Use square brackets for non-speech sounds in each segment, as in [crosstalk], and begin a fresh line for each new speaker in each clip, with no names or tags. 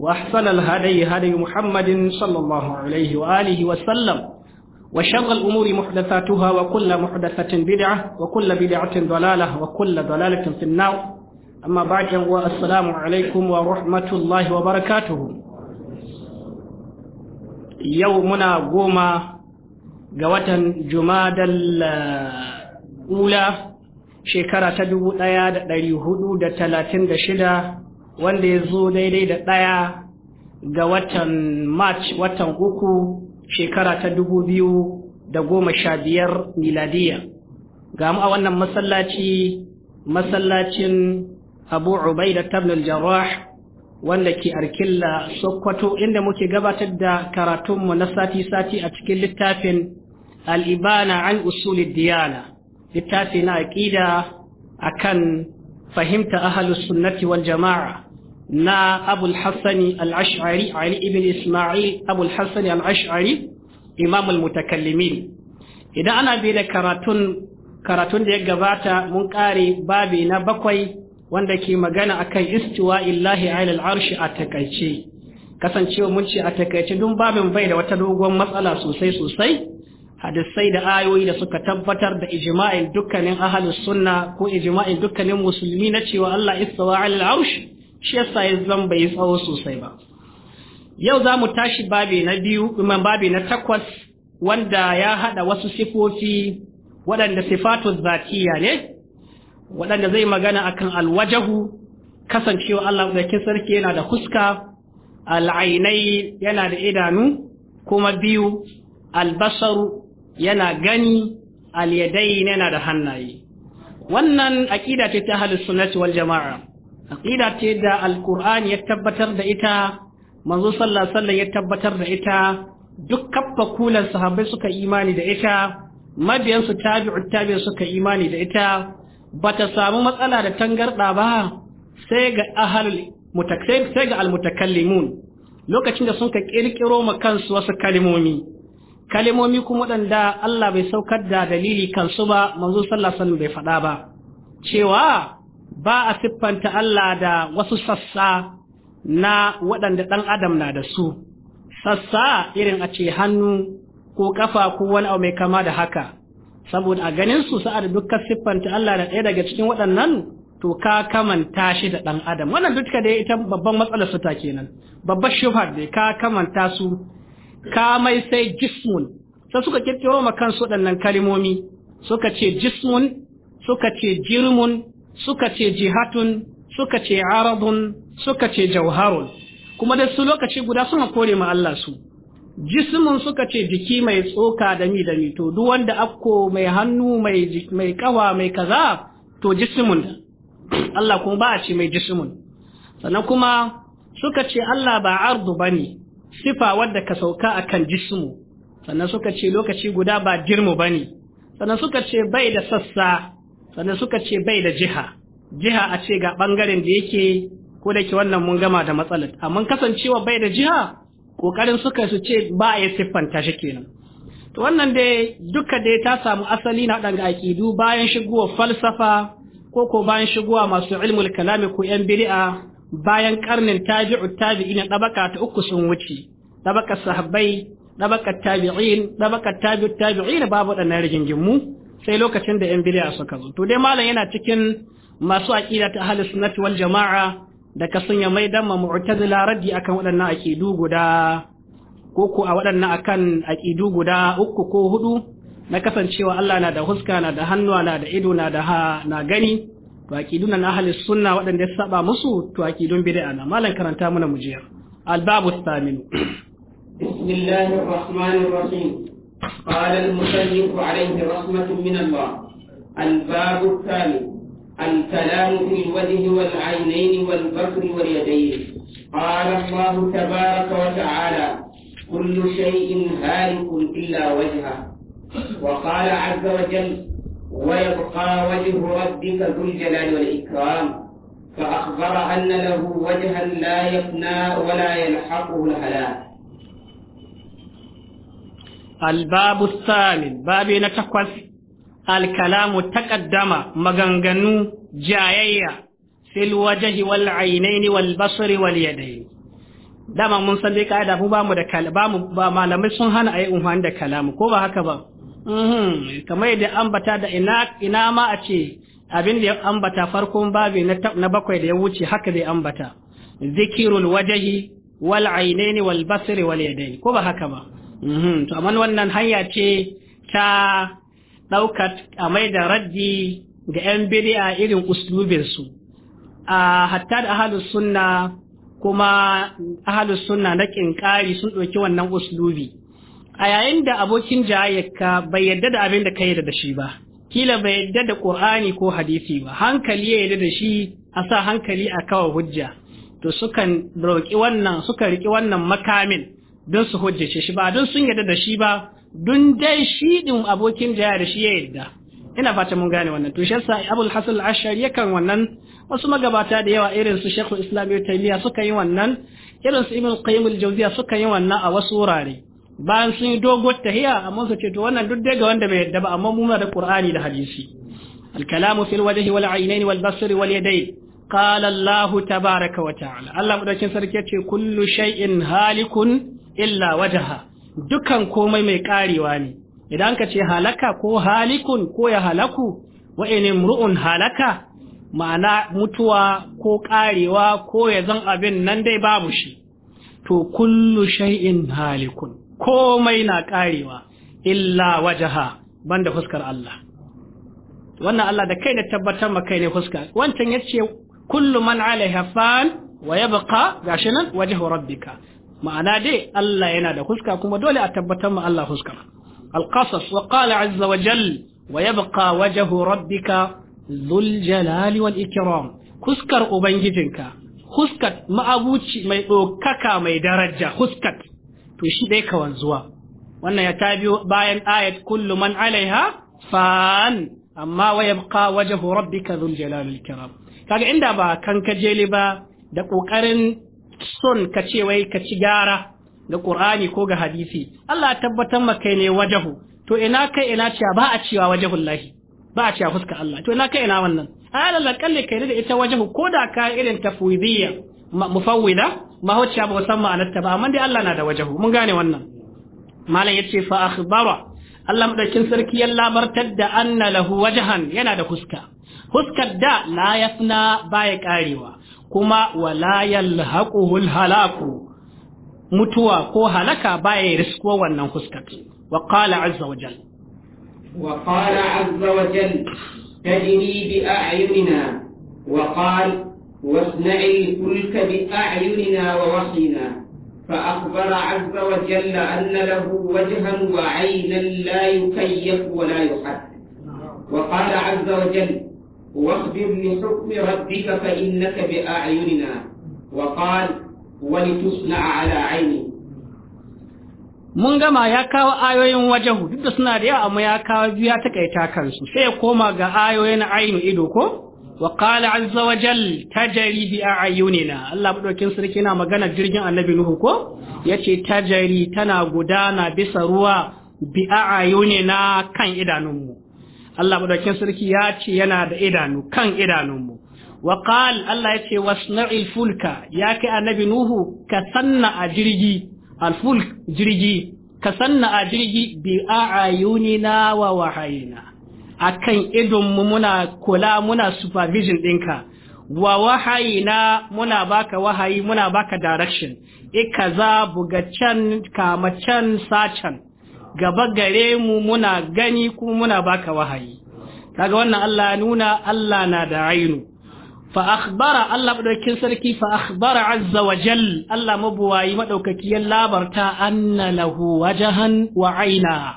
وأحسن الهدي هدي محمد صلى الله عليه وآله وسلم وشر الأمور محدثاتها وكل محدثة بدعة وكل بدعة ضلالة وكل ضلالة في النار أما بعد والسلام عليكم ورحمة الله وبركاته يومنا قوما قوة جماد الأولى شكرة تدو آيات لليهود تلاتين دشدة wanda ya zo daidai da ɗaya ga watan march watan uku shekara ta dubu biyu da goma sha biyar miladiya ga mu a wannan masallaci masallacin abu da tabnul jarrah wanda ke arkilla sokoto inda muke gabatar da karatunmu na sati-sati a cikin littafin al'ibana an usulid diyana littafi na aƙida akan fahimta ahalus sunnati wal jama'a na abul hassani al-ash'ari ali ibn isma'il abul hassani al-ash'ari imam al-mutakallimin idan ana bi da karatun karatun da ya gabata mun kare babi na bakwai wanda ke magana akan istiwa illahi ala al-arshi a takaice kasancewa mun ce a takaice duk babin bai da wata dogon matsala sosai sosai hadisai da ayoyi da suka tabbatar da ijma'in dukkanin ahlus sunna ko ijma'in dukkanin musulmi na cewa Allah istawa ala al Arshi. shi yasa ya zan bai tsawo sosai ba yau za mu tashi babi na biyu kuma babi na takwas wanda ya haɗa wasu sifofi waɗanda sifatu zatiya ne waɗanda zai magana akan alwajahu kasancewa Allah da sarki yana da huska al'ainai yana da idanu kuma biyu albasaru yana gani alyadai yana da hannaye wannan aƙida ce ta halin wal jama'a aqida ce da alqur'ani ya tabbatar da ita manzo sallallahu alaihi wasallam ya tabbatar da ita duk kaffa kulan sahabbai suka imani da ita mabiyan su tabi'u tabi'u suka imani da ita bata samu matsala da tangarda ba sai ga ahlul mutakallim sai ga almutakallimun lokacin da sun ka kirkiro ma kansu wasu kalimomi kalimomi kuma waɗanda Allah bai saukar da dalili kansu ba manzo sallallahu alaihi wasallam bai faɗa ba cewa ba a siffanta Allah da wasu sassa na waɗanda ɗan adam na da su sassa irin a ce hannu ko ƙafa ko wani abu mai kama da haka saboda a ganin su sa'ad duka siffanta Allah da ɗaya daga cikin waɗannan to ka kamanta shi da ɗan adam wannan duka da ita babban matsalar su ta kenan babbar shufar da ka kamanta su ka mai sai jismun sai suka kirkiro ma kansu waɗannan kalimomi suka ce jismun suka ce jirmun suka ce jihatun suka ce aradun suka ce jauharun kuma da su lokaci guda suna kore ma Allah su Jismun suka ce jiki mai tsoka da mi da to duk wanda akko mai hannu mai mai kawa mai kaza to jismun Allah kuma ba a ce mai jismun sannan kuma suka ce Allah ba ardu bane sifa wadda ka sauka akan jismu sannan suka ce lokaci guda ba girmu bane sannan suka ce bai da sassa sannan suka ce bai da jiha jiha a ce ga ɓangaren da yake ko da ke wannan mun gama da matsalar amma kasancewa bai da jiha kokarin suka su ce ba a yi siffanta shi kenan to wannan dai duka dai ta samu asali na waɗanda aƙidu bayan shigowa falsafa ko ko bayan shigowa masu ilmul kalami ko yan bid'a bayan karnin tabi'u tabi'in ɗabaka ta uku sun wuce ɗabakar sahabbai ɗabakar tabi'in ɗabakar tabi'u tabi'in babu waɗannan rigingimu sai lokacin da yan bid'a suka zo to dai malam yana cikin masu aƙida ta ahlus sunnati wal jama'a da ka sanya mai dan ma mu'tazila raddi akan waɗannan aqidu guda ko ko a waɗannan akan aqidu guda uku ko hudu na kasancewa Allah na da huska na da hannuwa na da ido na da na gani to aqidun na ahlus suna waɗanda ya saba musu to aqidun bid'a na malam karanta mana mujiya al-babu thaminu
بسم الله الرحمن قال المسلم عليه رحمة من الله الباب الثاني الكلام في الوجه والعينين والبصر واليدين قال الله تبارك وتعالى كل شيء هالك إلا وجهه وقال عز وجل ويبقى وجه ربك ذو الجلال والإكرام فأخبر أن له وجها لا يفنى ولا يلحقه الهلاك
الباب الثامن باب maganganu الكلام تقدم مغنغنو جايية في الوجه والعينين والبصر واليدين dama mun san dai ka'ida mu da ba mu ba malamai sun hana ayi umfani da kalamu ko ba haka ba mhm kamar yadda ambata da ina ma a ce abin da ya ambata farkon babi na bakwai da ya wuce haka zai ambata zikirul wajahi wal ainaini wal basri wal yadaini ko ba haka ba Mhm. to amma wannan hanya ce ta ɗaukar a mai da raddi ga 'yan bid'a irin uslubinsu a hatta da ahalus sunna kuma ahalus sunna na ƙinƙari sun ɗauki wannan uslubi a yayin da abokin jayayyarka bai yarda da abin da ka yarda da shi ba kila bai yarda da ƙur'ani ko hadisi ba hankali ya yarda da shi a sa hankali a kawar hujja to sukan roƙi wannan suka riƙi wannan makamin don su hujjace shi ba don sun yarda da shi ba don dai shi din abokin jaya da shi ya yarda ina fata mun gane wannan to shesa abul hasan al-ashar yakan wannan wasu magabata da yawa irin su shekul islam ibn taymiya suka yi wannan irin su ibn qayyim al-jawziya suka yi wannan a wasu wurare bayan sun yi dogon tahiya amma su ce to wannan duk dai ga wanda bai yarda ba amma mu da qur'ani da hadisi al-kalamu fil wajhi wal aynaini wal basri wal yadayn قال الله تبارك وتعالى الله مدكين سركي كل شيء هالك illa wajaha dukan komai mai karewa ne idan ka ce halaka ko halikun ko ya halaku wa mru'un halaka ma'ana mutuwa ko karewa ko ya zan abin nan dai babu shi to kullu shay'in halikun komai na karewa illa wajaha banda fuskar Allah wannan Allah da kai ne tabbatar maka ne fuskar wancan yace kullu man alaiha fan wa yabqa gashinan nan wajhu rabbika ma'ana dai Allah yana da huska kuma dole a tabbatar ma Allah huska al-qasas wa qala azza wa jal wa yabqa wajhu rabbika ubangijinka huskat ma'abuci mai dokaka mai daraja huskat to shi ka wanzuwa wannan ya tabiyo bayan ayat kullu man alaiha fan amma wa yabqa wajhu inda ba ba da ƙoƙarin. son ka ce wai ka ci gyara ga Qur'ani ko ga hadisi Allah tabbatar maka ne wajahu to ina kai ina cewa ba a cewa wajahullahi ba a cewa fuska Allah to ina kai ina wannan ayar Allah kalle kai da ita wajahu ko da ka irin tafwidiyya mufawwida ma hocciya ba san ma'anarta ba amma dai Allah na da wajahu mun gane wannan malam ya yace fa akhbara Allah madaukin sarki ya labartar da anna lahu wajhan yana da fuska fuskar da la yafna baya karewa kuma wala yalhaquhul halaku mutuwa ko halaka baya riskuwa wannan fuskar wa qala azza wa jalla
wa qala azza wa jalla tajri bi a'yunina wa qala واصنع الفلك بأعيننا ووحينا فأخبر عز وجل أن له وجها وعينا لا يكيف ولا يحد وقال عز وجل واخبر لحكم ربك فإنك بأعيننا وقال ولتصنع على عيني
mun gama ya kawo ayoyin wajahu duk da suna da yawa amma ya kawo biya ta kansu sai ya koma ga ayoyin ainu ido ko wa qala azza wa jal tajri bi ayunina Allah madaukin sarki yana magana jirgin annabi nuhu ko Ya yace tajri tana gudana bisa ruwa bi ayunina kan idanunmu Allah madaukin sarki ya ce yana da idanu kan idanunmu wa qal Allah ya ce wasna'il fulka ya kai annabi nuhu ka sanna a jirgi al fulk jirgi ka sanna a jirgi bi a'ayunina wa wahayina akan idonmu muna kula muna supervision ɗinka wa wahayina muna baka wahayi muna baka direction ikaza can, kamacan sachan gaba gare mu muna gani kuma muna baka wahayi ga wannan Allah ya nuna Allah na da ainu fa akhbara Allah madaukakin sarki fa akhbara azza wa jal Allah mabuwayi madaukaki ya labarta anna lahu wajahan wa aina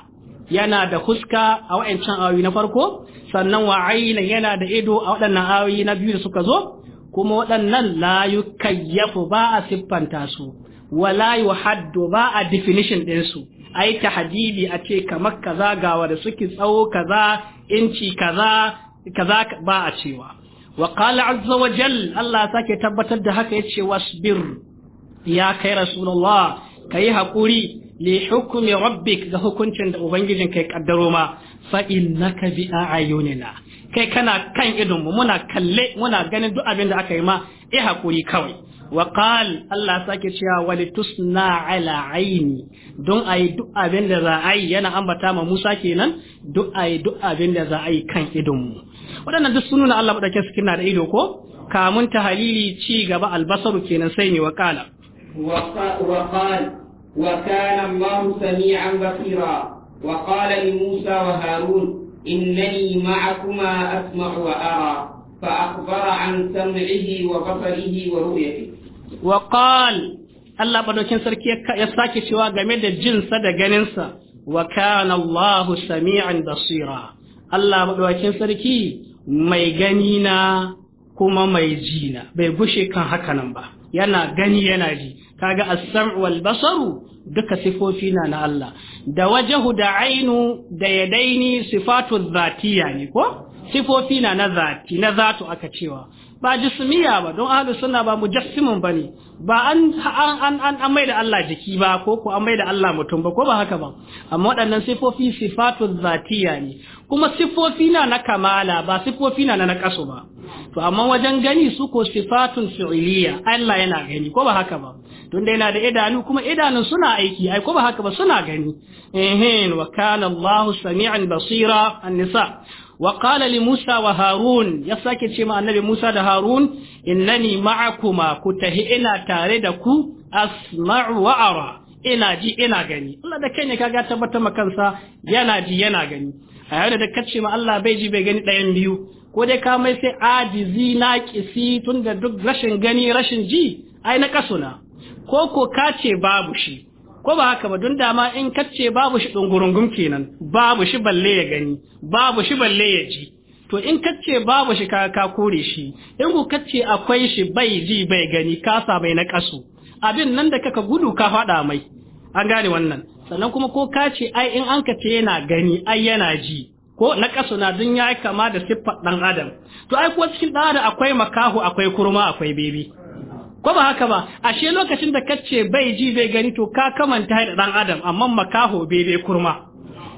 yana da huska a wa'ancan ayoyi na farko sannan wa aina yana da ido a waɗannan ayoyi na biyu da suka zo kuma waɗannan la yukayyafu ba a siffanta su wala yuhaddu ba a definition ɗinsu ai tahdibi a ce kamar kaza ga wanda suke tsawo kaza inci kaza kaza ba a cewa wa qala azza wa jal Allah sake tabbatar da haka yace wasbir ya kai rasulullah kai hakuri li hukmi rabbik ga hukuncin da ubangijin kai kaddaro ma fa innaka bi a'yunina kai kana kan idon mu muna kalle muna ganin duk abin da aka yi ma eh hakuri kawai وقال الله ساكي شيا ولتصنع على عيني دون اي دو ابين da za a yi yana ambata ma Musa kenan duk ai duk abin da za a yi kan idon mu wadannan duk sununa Allah madake suke na da ido ko kamun tahalili ci gaba albasaru kenan sai ne
وقال وكان الله سميعا بصيرا وقال لموسى وهارون إنني معكما أسمع وأرى فأخبر عن سمعه وبصره ورؤيته
wa qal Allah madaukin sarki ya sake cewa game da jinsa da ganinsa wa kana sami'an basira Allah madaukin sarki mai gani na kuma mai ji na bai gushe kan hakanan ba yana gani yana ji kaga ga sam wal basaru duka sifofi na na Allah da wajahu da ainu da yadaini sifatu zatiya ne ko sifofi na na zati na zatu aka cewa ba jismiya ba don ahlu sunna ba mujassimun bane ba an an an an mai da Allah jiki ba ko ko an mai da Allah mutum ba ko ba haka ba amma waɗannan sifofi sifatu zatiya ne kuma sifofi na na kamala ba sifofi na na kaso ba to amma wajen gani su ko sifatun fi'iliya Allah yana gani ko ba haka ba tunda yana da idanu kuma idanun suna aiki ai ko ba haka ba suna gani ehin wa kana Allahu sami'an basira an-nisa wa qala li Musa wa Harun ya sake ce ma annabi Musa da Harun innani ma'akuma ku tahi ina tare da ku asma'u wa ara ina ji ina gani Allah da kai ne kaga tabbatar ma kansa yana ji yana gani a yau da kace ma Allah bai ji bai gani ɗayan biyu ko dai ka mai sai ajizi tun tunda duk rashin gani rashin ji ai na kasuna ko ko kace babu shi ko ba haka ba don dama in kacce babu shi dungurungum kenan babu shi balle ya gani babu shi balle ya ji to in kacce babu shi ka ka kore shi in ku kacce akwai shi bai ji bai gani kasa bai na kasu abin nan da kaka gudu ka faɗa mai an gane wannan sannan kuma ko ka ce ai in an kace yana gani ai yana ji ko na kasu na dun ya kama da siffar dan adam to ai kuwa cikin dan adam akwai makahu akwai kurma akwai bebe ko ba haka ba ashe lokacin da kace bai ji bai gani to ka kamanta da dan adam amma makaho bai bai kurma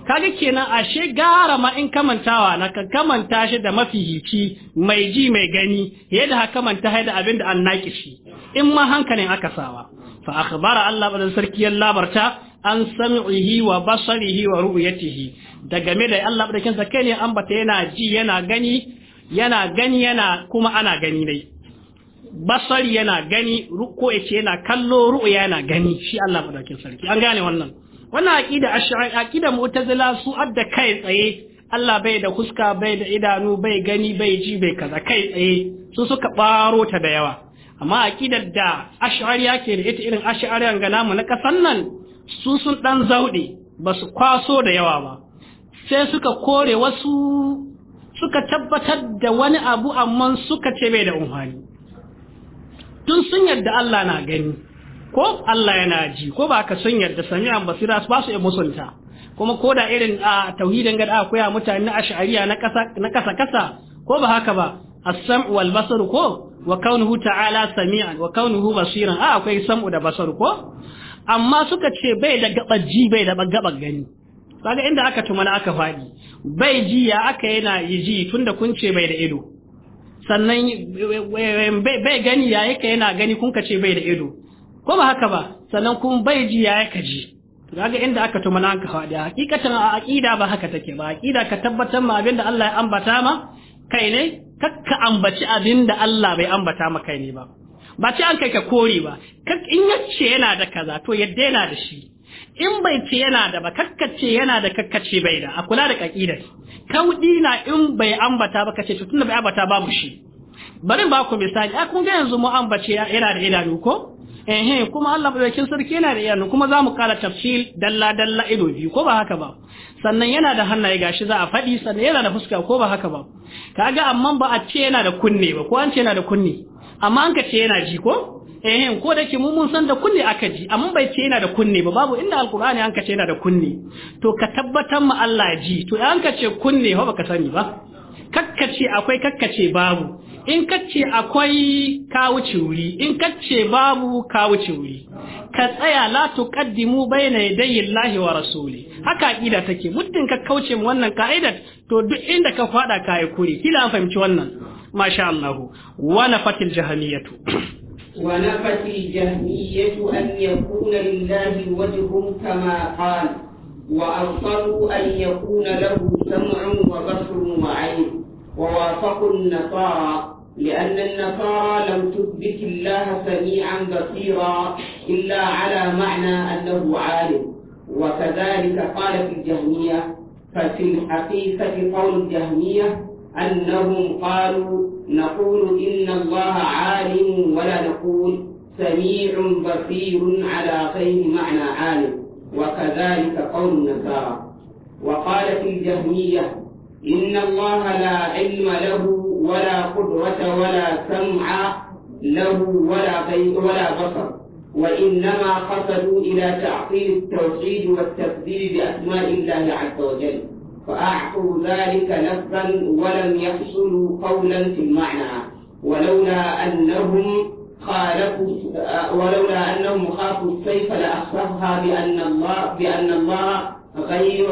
kaga kenan ashe gara ma in kamantawa na ka kamanta shi da mafihici mai ji mai gani yadda haka manta haida abinda an naki shi in ma hankalin aka sawa fa akhbara Allah badan sarki ya labarta an sami'ihi wa basarihi wa ru'yatihi da game da Allah badan kai ne an bata yana ji yana gani yana gani yana kuma ana gani dai basari yana gani ko ya ce yana kallo ru'ya yana gani shi Allah madaukin sarki an gane wannan wannan aqida ash'ari aqida mu'tazila su adda kai tsaye Allah bai da huska bai da idanu bai gani bai ji bai kaza kai tsaye su suka baro ta da yawa amma aqidar da ash'ari yake da ita irin an ga namu na kasan nan su sun dan zaudi ba su kwaso da yawa ba sai suka kore wasu suka tabbatar da wani abu amma suka ce bai da umfani tun sun yarda Allah na gani ko Allah yana ji ko ba ka sun yarda sami'an basira ba su musunta kuma ko da irin a tauhidin gada akwai mutane na ash'ariya na kasa na kasa kasa ko ba haka ba as sam'u wal basar ko wa kaunuhu ta'ala sami'an wa kaunuhu basiran a akwai sam'u da basar ko amma suka ce bai da gabar ji bai da gabar gani kaga inda aka tumana aka fadi bai ji ya aka yana yi ji tunda kun ce bai da ido sannan bai gani ya yake yana gani kun ka ce bai da ido ko ba haka ba sannan kun bai ji ya ka ji ga inda aka tuma na ka faɗi hakikatan a aqida ba haka take ba aqida ka tabbatar ma abinda Allah ya ambata ma kai ne kakka ambaci abinda Allah bai ambata ma kai ne ba ba ce an kai ka kore ba kak in yace yana da kaza to yadda yana da shi in bai ce yana da ba kakkace yana da kakkace bai da a kula da kakidar kaudi na in bai ambata ba kace tunda bai ambata ba mu shi bari ba ku misali a kun ga yanzu mu ambace yana da idanu ko eh kuma Allah madaukakin sarki yana da idanu kuma zamu kara tafsil dalla dalla ido biyu ko ba haka ba sannan yana da hannaye gashi za a faɗi sannan yana da fuska ko ba haka ba kaga amma ba a ce yana da kunne ba ko an ce yana da kunne amma an ka ce yana ji ko eh ko da ke mun san da kunne aka ji amma bai ce yana da kunne ba babu inda alqur'ani an ka ce yana da kunne to ka tabbatar ma Allah ji to an ka ce kunne ba ka sani ba kakkace akwai kakkace babu in kacce akwai ka wuce wuri in kacce babu ka wuce wuri ka tsaya la tuqaddimu bayna yadayi Allahi wa rasuli haka aqida take muddin ka kauce mu wannan ka'idar to duk inda ka fada kai kure kila an fahimci wannan ما شاء الله ونفت الجهمية
ونفت الجهمية أن يكون لله وجه كما قال وأنصروا أن يكون له سمع وبصر وعين ووافقوا النصارى لأن النصارى لم تثبت الله سميعا بصيرا إلا على معنى أنه عالم وكذلك قالت الجهمية ففي الحقيقة قول الجهمية أنهم قالوا نقول إن الله عالم ولا نقول سميع بصير على غير معنى عالم وكذلك قول النصارى وقالت الجهمية إن الله لا علم له ولا قدرة ولا سمع له ولا غير ولا بصر وإنما قصدوا إلى تعطيل التوحيد والتكذيب بأسماء الله عز وجل فأعطوا ذلك لفظا ولم يحصلوا قولا في المعنى ولولا أنهم خالفوا ولولا أنهم خافوا السيف لأخفوها بأن الله بأن الله غير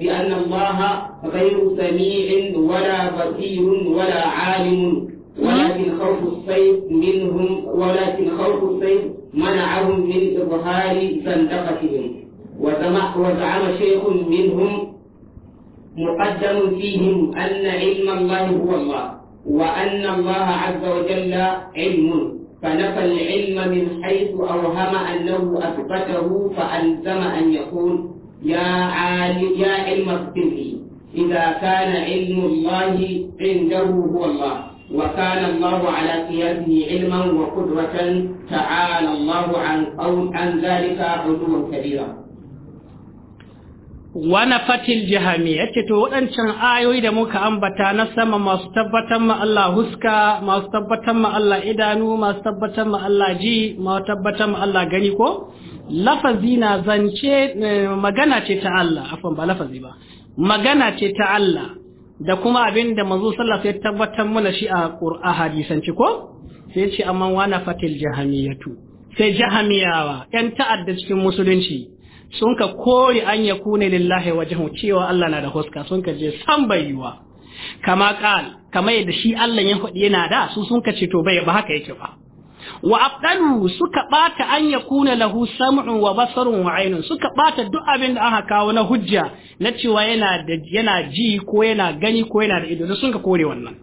بأن الله غير سميع ولا بصير ولا عالم ولكن خوف السيف منهم ولكن خوف السيف منعهم من إظهار زندقتهم وزعم شيخ منهم مقدم فيهم أن علم الله هو الله وأن الله عز وجل علم فنفى العلم من حيث أوهم أنه أثبته فألزم أن يقول يا عالم يا علم اغفر إذا كان علم الله عنده هو الله وكان الله على قياسه علما وقدرة تعالى الله عن عن ذلك عدوا كبيرا
wani fatil jihami ya ce to waɗancan ayoyi da muka ambata na sama masu tabbatar ma Allah huska masu tabbatar ma Allah idanu masu tabbatar ma Allah ji masu tabbatar ma Allah gani ko lafazi na zance eh, magana ce ta Allah afan ba lafazi ba magana ce ta Allah da kuma abin da manzo sallallahu alaihi tabbatar mana shi a qur'a hadisanci ko sai ce amma wana fatil jahamiyatu sai jahamiyawa yan ta'adda cikin musulunci sun ka kori an ya kune lillahi wajen cewa Allah na da huska sun ka je san bayuwa kama kal kama yadda shi Allah ya faɗi yana da su sun ka ce to bai ba haka yake ba wa abdalu suka bata an ya kuna lahu sam'u wa basarun wa ainun suka bata duk abin da aka kawo na hujja na cewa yana da yana ji ko yana gani ko yana da ido sun ka kore wannan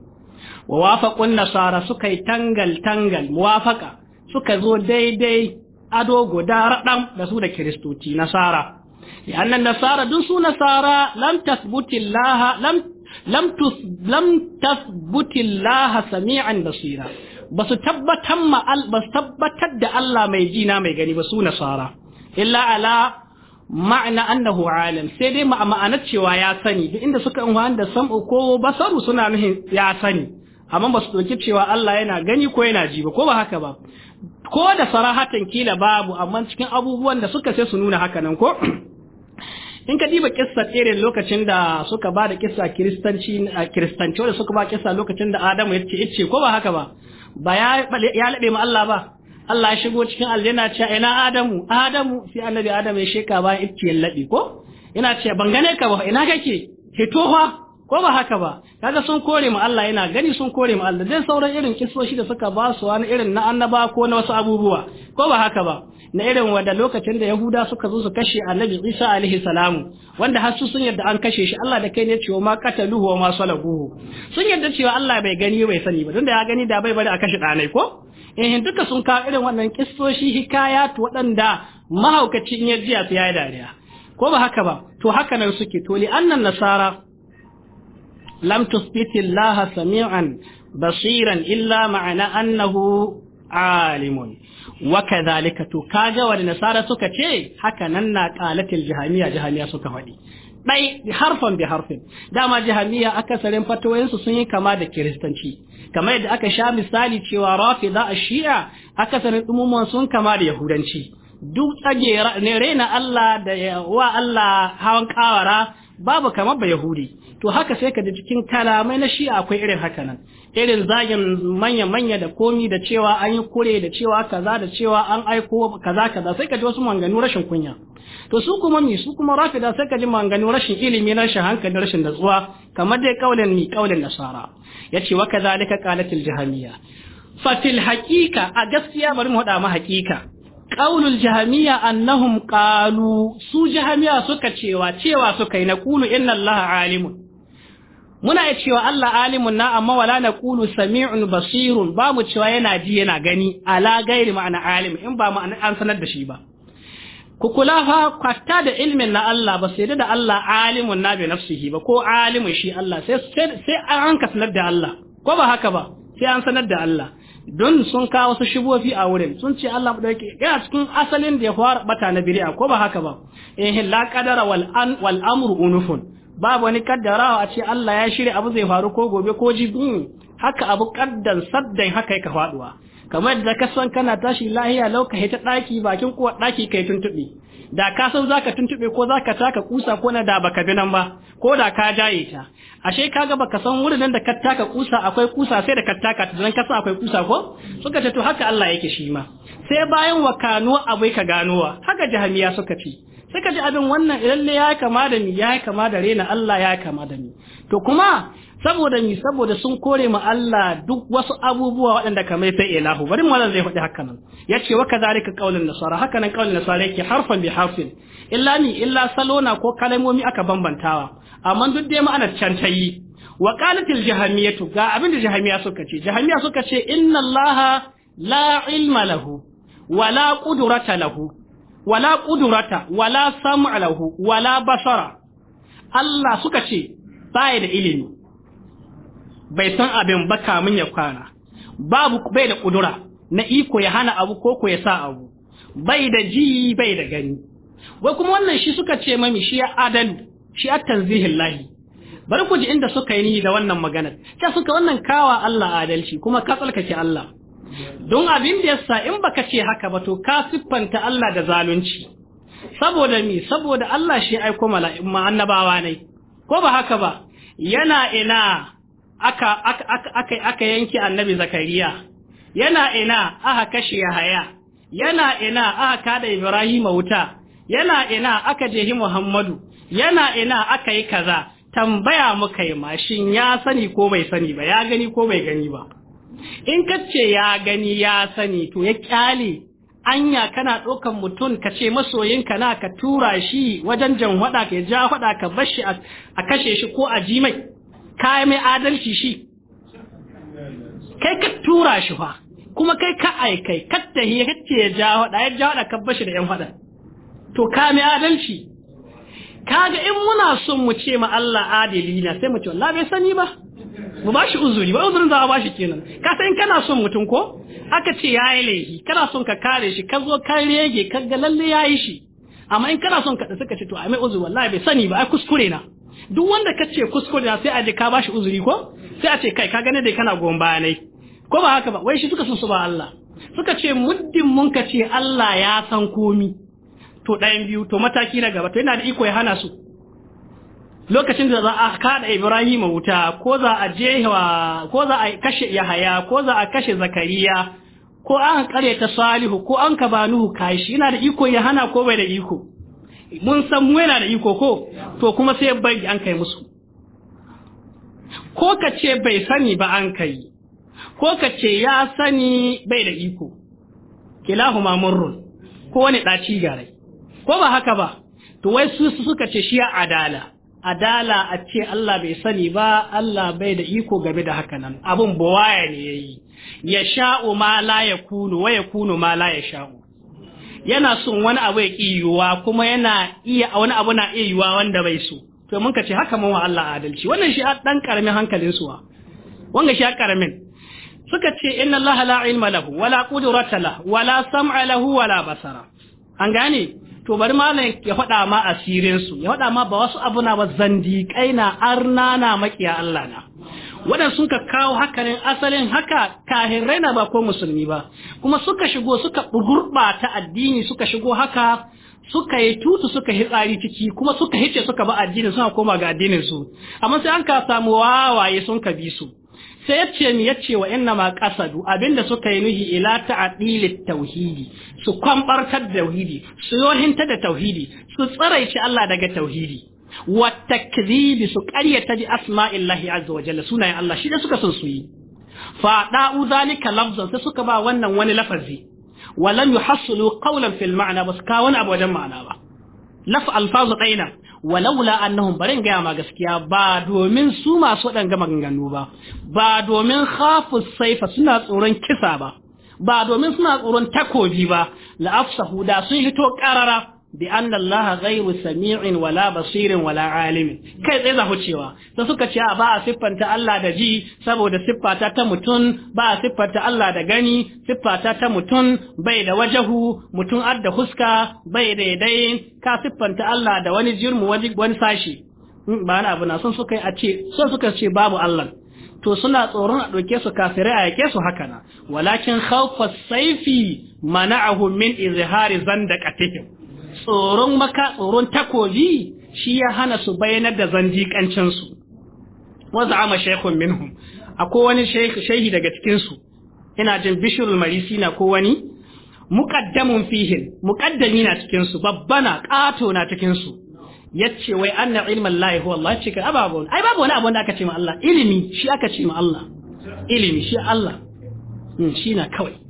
wa wafaqun nasara suka yi tangal tangal muwafaqa suka zo daidai ado guda raɗan da su da kiristoci nasara annan nasara duk su nasara lam tasbutillaha lam lam tus lam tasbutillaha sami'an basira basu tabbatar ma al tabbatar da Allah mai jina mai gani ba su nasara illa ala ma'ana annahu alim sai dai ma'anar cewa ya sani duk inda suka unwa da sam'u ko basaru suna nuhin ya sani amma ba su cewa Allah yana gani ko yana ji ba ko ba haka ba ko da sarahatan kila babu amma cikin abubuwan da suka sai su nuna haka nan ko [clears throat] in ka diba kissa irin lokacin da suka ba da kissa kiristanci kiristanci wanda suka ba kissa lokacin da Adamu ya ce ice ko ba haka ba ba ya laɓe ma Allah ba Allah ya shigo cikin aljanna ce ina Adamu Adamu sai annabi Adamu ya sheka ba ice ya laɓe ko ina ce ban gane ka ba ina kake fito fa ko ba haka ba kaga sun kore mu Allah yana gani sun kore mu Allah dan sauran irin kisoshi da suka ba su wani irin na annaba ko na wasu abubuwa ko ba haka ba na irin wanda lokacin da Yahuda suka zo su kashe Annabi Isa alaihi salamu wanda har su sun yadda an kashe shi Allah da kai ne cewa ma qataluhu wa ma salabuhu sun yarda cewa Allah bai gani bai sani ba tunda ya gani da bai bari a kashe ɗanai ko eh duka sun kawo irin wannan kisoshi hikayat waɗanda mahaukacin yajiya su yayi dariya ko ba haka ba to haka nan suke to li annan nasara lam tusbiti sami'an basiran illa ma'ana annahu alimun wa kadhalika to kaga wa nasara suka ce haka nan na ƙalatin jahamiya jahamiya suka faɗi ɗai harfan bi harfin dama jahamiya akasarin fatawoyinsu sun yi kama da kiristanci kamar yadda aka sha misali cewa rafi za a shi'a akasarin ɗumumman sun kama da yahudanci duk tsage ne raina Allah da wa Allah hawan kawara babu kamar ba yahudi to haka sai ka cikin kalamai na shi'a akwai irin haka nan irin zagin manya manya da komi da cewa an yi kure da cewa kaza da cewa an aiko kaza kaza sai ka ji wasu manganu rashin kunya to su kuma mi su kuma rafida sai ka ji manganu rashin ilimi rashin hankali rashin natsuwa kamar dai kaulin ni kaulin nasara Ya ce wa lika qalatil jahamiyya fatil haqiqa a gaskiya bari mu haɗa ma haqiqa qaulul jahamiya annahum qalu su jahamiya suka cewa cewa suka yi na qulu inna allaha alimun muna iya cewa Allah alimun na amma wala na kulu sami'un basirun ba mu cewa yana ji yana gani ala gairi ma'ana alim in ba ma'ana an sanar da shi ba ku kula fa kwata da ilmin na Allah ba sai da Allah alimun na bi nafsihi ba ko alimun shi Allah sai sai an ka sanar da Allah ko ba haka ba sai an sanar da Allah don sun kawo wasu shibofi a wurin sun ce Allah madaukaki yana cikin asalin da ya fara bata na biri'a ko ba haka ba in eh, la qadara wal amru unufun babu wani kaddara a ce Allah ya shirya abu zai faru ko gobe ko jibi haka abu kaddan saddan haka yake faduwa kamar da ka san kana tashi lahiya lau ka hita daki bakin kuwa daki kai tuntube da ka san zaka tuntube ko zaka taka kusa ko na da baka bi nan ba ko da ka jaye ta ashe ka ga baka san wurin nan da ka taka kusa akwai kusa sai da ka taka ta zan ka san akwai kusa ko suka ce to haka Allah yake shi ma sai bayan wakanuwa abai ka ganowa haka jahamiya suka ce suka ji abin wannan idan ne ya kama da ni ya kama da rena Allah ya kama da ni to kuma saboda mi saboda sun kore ma Allah duk wasu abubuwa waɗanda kamar fa ilahu bari mallan zai faɗi haka nan yace wa kadhalika qaulun nasara haka nan qaulun nasara yake harfan bi harfin illa ni illa salona ko kalmomi aka bambantawa amma duk dai ma'anar can wa qalatil jahamiyatu ga abin da jahamiya suka ce jahamiya suka ce inna Allah la ilma lahu wala qudrata lahu wala qudrata wala sam'a lahu wala basara Allah suka ce baya da ilimi bai san abin ba kamin ya kwana babu bai da kudura na iko ya hana abu ko ko ya sa abu bai da ji bai da gani wai kuma wannan shi suka ce mami shi ya adalu shi at tanzihin lahi Bar ku ji inda suka yi ni da wannan maganar. ta suka wannan kawa Allah adalci kuma ka tsalkake Allah don abin da yasa in baka ce haka ba to ka siffanta Allah da zalunci saboda mi saboda Allah shi aiko mala'in ma annabawa ne ko ba haka ba yana ina aka aka aka yanke annabi zakariya yana ina aka kashe yahaya yana ina aka kada ibrahima wuta yana ina aka jehi muhammadu yana ina aka yi kaza tambaya muka yi mashin ya sani ko bai sani ba ya gani ko bai gani ba in ka ce ya gani ya sani to ya kyale anya kana ɗaukan mutum ka ce masoyinka na ka tura shi wajen jan hwada ka ja hwada ka bashi a kashe shi ko a ji mai ka mai adalci shi kai ka tura shi fa kuma kai ka aikai katta hiya kace ya ja wada ya ja wada ka bashi da yan fada to ka mai adalci kaga in muna son mu ce ma Allah adili sai mu ce wallahi bai sani ba mu bashi uzuri ba uzurin za a shi kenan ka san kana son mutum ko aka ce yayi laifi kana son ka kare shi ka zo ka rege ka ga lalle yayi shi amma in kana son ka da suka ce to ai mai uzuri wallahi bai sani ba ai kuskure na duk wanda ka ce kuskure sai a je ka bashi uzuri ko sai a ce kai ka gane dai kana goyon bayanai ko ba haka ba wai shi suka san su ba Allah suka ce muddin mun ka ce Allah ya san komi to ɗayan biyu to mataki na gaba to yana da iko ya hana su lokacin da za a kada Ibrahim wuta ko za a wa ko za a kashe Yahaya ko za a kashe Zakariya ko an ta Salihu ko an ka kai kashi yana da iko ya hana ko bai da iko mun san mu yana da iko ko to kuma sai bai an kai musu ko ka ce bai sani ba an kai ko ka ce ya sani bai da iko kilahuma murrun ko wani ɗaci garai ko ba haka ba to wai su suka ce shi adala adala a ce Allah bai sani ba Allah bai da iko game da haka nan abun bawaya ne yayi ya sha'u ma la yakunu wa yakunu ma la ya sha'u yana son wani abu ya ƙi yiwuwa kuma yana iya wani abu na iya yiwuwa wanda bai so to mun ka ce haka mun wa Allah adalci wannan shi dan karamin hankalin suwa wanga shi karamin suka ce inna Allah la ilma lahu wala qudrata lahu wala sam'a lahu wala basara an gane to bari malam ya faɗa ma asirin su ya faɗa ma ba wasu abu na ba zandiƙai na arna na makiya Allah na waɗanda ka kawo hakanin asalin haka kahirai na ba ko musulmi ba kuma suka shigo suka ta addini suka shigo haka suka yi tutu suka yi tsari ciki kuma suka hice suka ba addinin suna koma ga addinin su amma sai an ka samu wawaye sun ka bi su sai ce ni ce wa inna ma qasadu abinda suka yi nuhi ila ta'dilit tauhidi su kwambartar da tauhidi su yohinta da tauhidi su tsaraice Allah daga tauhidi wa takdhibi su qaryata bi asma'illahi azza wa jalla sunayen Allah shi da suka son su yi fa da'u zalika lafzan sai suka ba wannan wani lafazi walam lam yuhassilu qawlan fil ma'na bas ka wani abu wajen ma'ana ba laf alfazu qaina walaula annahum barin gaya ma gaskiya ba domin su masu waɗanga maganganu ba ba domin khafu saifa suna tsoron kisa ba ba domin suna tsoron takobi ba la'afsahu da sun hito ƙarara bi anna allaha ghayru sami'in wala basirin wala alimin kai tsaye zahu cewa da suka ce ba a siffanta Allah da ji saboda siffata ta mutum ba a siffanta Allah da gani siffata ta mutum bai da wajahu mutum adda huska bai daidai ka siffanta Allah da wani jirmu wani sashi hmm, ba na abu na suka a ce suka ce babu Allah to suna tsoron a ɗauke su kafirai a yake su haka na walakin khawfa saifi mana'ahu min izhari zandaqatihim tsoron maka tsoron takobi shi ya hana su bayanar da zandiƙancin su waza ama shaykhun minhum akwai wani shehi daga cikin su ina jin bishirul marisina ko wani muqaddamun fihin muqaddami na cikin su babbana ƙato na cikin su yace wai anna ilma Allah huwa Allah ce ka babu ai babu wani abu da aka ce ma Allah ilimi shi aka ce ma Allah ilimi shi Allah hmm, shi na kawai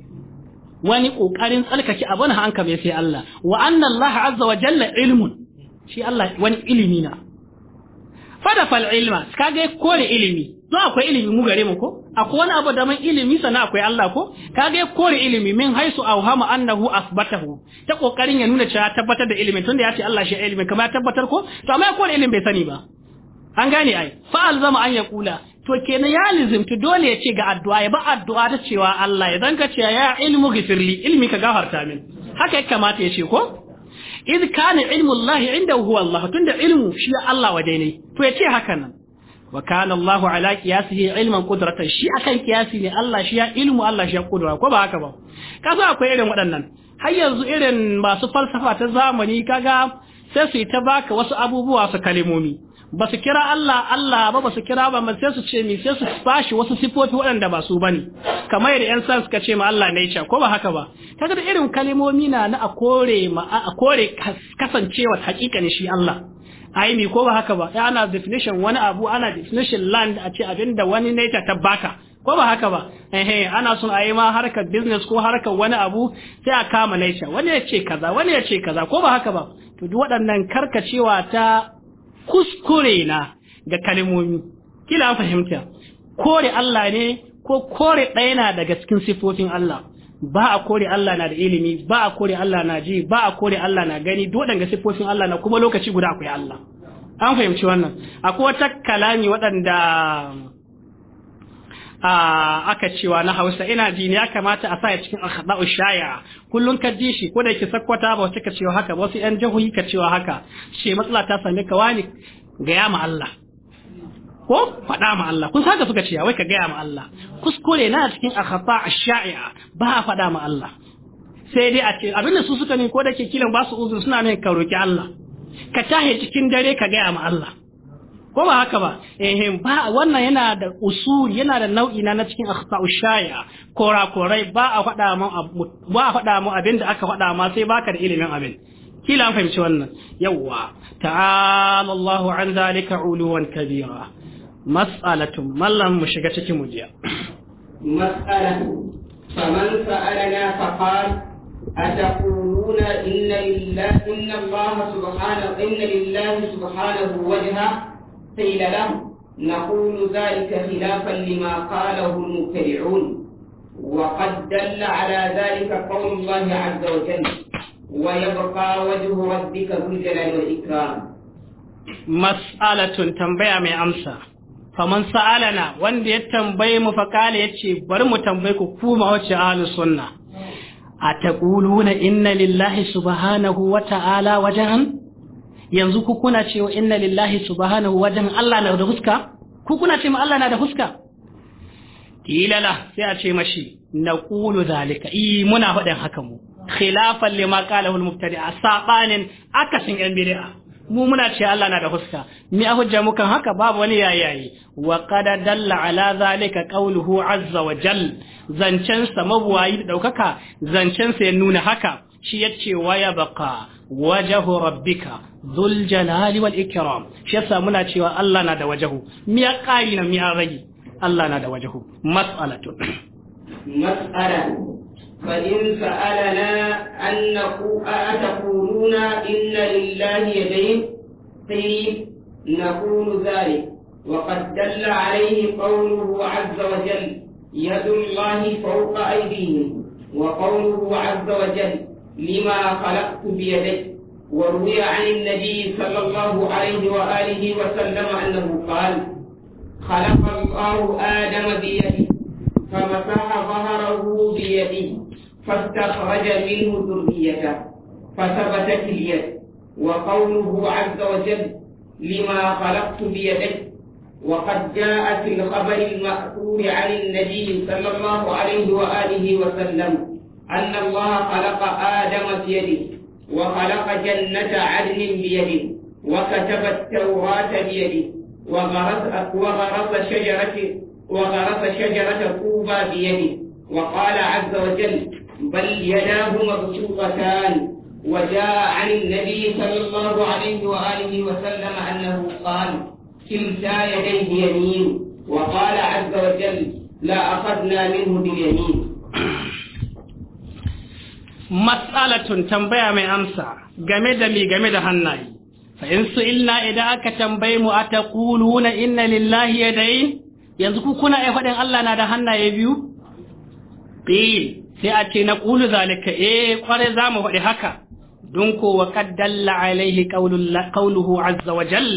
wani kokarin tsarkake abin hanka bai sai Allah wa anna Allah azza wa jalla ilmun shi Allah wani ilimi na fal ilma kage kore ilimi don akwai ilimi mu gare mu ko akwai wani abu da man ilimi sana akwai Allah ko kage kore ilimi min haisu awhama annahu asbatahu ta kokarin ya nuna cewa tabbatar da ilimi. tunda ya ce Allah shi ilimi kamar ya tabbatar ko to amma kore ilimi bai sani ba an gane ai fa alzama an yaqula to kenan ya lizimtu dole ya ce ga addu'a ya ba addu'a ta cewa Allah ya zanka ce ya ilmu gifirli ilmi ka gafarta min haka ya kamata ya ce ko id kana ilmu Allah inda huwa Allah tunda ilmu shi Allah waje ne to ya ce haka nan wa kana Allah ala qiyasihi ilman qudratan shi akan qiyasi ne Allah shi ya ilmu Allah shi ya kudura ko ba haka ba kaso akwai irin waɗannan har yanzu irin masu falsafa ta zamani kaga sai su yi ta baka wasu abubuwa su kalimomi ba su kira Allah Allah ba ba su kira ba man sai su ce mi sai su fashi wasu sifofi waɗanda ba su bane kamar yadda yan san suka ce ma Allah ya ko ba haka ba kaga da irin kalmomi na na a kore ma a kore kasancewa ne shi Allah ai mi ko ba haka ba ya ana definition wani abu ana definition land a ce abinda wani ne ta baka ko ba haka ba eh ana son a yi ma harkar business ko harkar wani abu sai a kama nature wani ya ce kaza wani ya ce kaza ko ba haka ba to duk waɗannan karkacewa ta kuskure na ga kalmomi kila fahimta kore Allah ne ko kore ɗaya na daga cikin sifofin Allah ba a kore Allah na da ilimi ba a kore Allah na ji ba a kore Allah na gani duk sifofin Allah na kuma lokaci guda akwai Allah an fahimci wannan akwai wata kalami waɗanda aka cewa na hausa ina ji ne ya kamata a sa ya cikin akhda'u shaya Kullum ka ji shi ko da yake sakkwata ba ka cewa haka wasu yan jahohi ka cewa haka ce matsala ta same ka wani gaya ma Allah ko faɗa ma Allah kun saka suka cewa wai ka gaya ma Allah kuskure na cikin akhda'u shaya ba a faɗa ma Allah sai dai a ce abinda su suka ne ko da ke kilan ba su uzun suna ne ka roki Allah ka tahe cikin dare ka gaya ma Allah ko ba haka ba eh ba wannan yana da usul yana da nau'i na cikin akhta'u shaya kora korai ba a faɗa mu ba a faɗa mu abin da aka faɗa ma sai baka da ilimin abin kila an fahimci wannan yawwa ta'ala Allah an zalika uluwan kabira mas'alatu mallam mu shiga cikin mujiya
mas'alatu faman sa'alana faqala أتقولون إن لله إن الله سبحانه إن لله سبحانه وجهه قيل له نقول ذلك خلافا لما قاله المبتدعون وقد دل على ذلك قول الله عز وجل ويبقى وجه ربك ذو الجلال والإكرام
مسألة تنبيع من أمسى فمن سألنا وان يتنبي مفقال يتشي برم تنبيك كوما وشي آل السنة أتقولون إن لله سبحانه وتعالى وجهن؟ yanzu ku kuna cewa inna lillahi subhanahu wajen Allah na da huska ku kuna ce ma Allah na da huska ilala sai a ce mashi naqulu zalika i muna faɗin haka mu khilafan lima qalahu al sabanin akasin yan bid'a mu muna ce Allah na da huska mi a hujja mu kan haka babu wani yayaye wa qad dalla ala zalika qawluhu azza wa jal zancen sa mabuwayi daukaka zancen sa ya nuna haka shi yace wa ya baqa وجه ربك ذو الجلال والإكرام شيسا منا شوى الله نادى وجهه ميا قاينا ميا ري الله نادى وجهه مسألة
مسألة فإن سألنا أنه أتقولون إن لله يدين قيل نقول ذلك وقد دل عليه قوله عز وجل يد الله فوق أيديهم وقوله عز وجل لما خلقت بيدي وروي عن النبي صلى الله عليه وآله وسلم أنه قال خلق الله آدم بيده فمسح ظهره بيده فاستخرج منه ذريته فثبتت اليد وقوله عز وجل لما خلقت بيدي وقد جاء في الخبر المأثور عن النبي صلى الله عليه وآله وسلم أن الله خلق آدم يده وخلق جنة عدن بيده وكتب التوراة بيده وغرس, وغرس شجرة وغرس شجرة طوبى بيده وقال عز وجل بل يداه مبسوطتان وجاء عن النبي صلى الله عليه وآله وسلم أنه قال كلتا يديه يمين وقال عز وجل لأخذنا
منه باليمين mas'alatun tambaya mai amsa game da mi game da hannaye fa in illa idan aka tambaye mu ataquluna inna lillahi yadayn yanzu ku kuna ai fadin Allah na da hannaye biyu bi sai a ce na kulu zalika eh kware zamu fadi haka don ko wa qaddalla alaihi qawluhu azza wa jal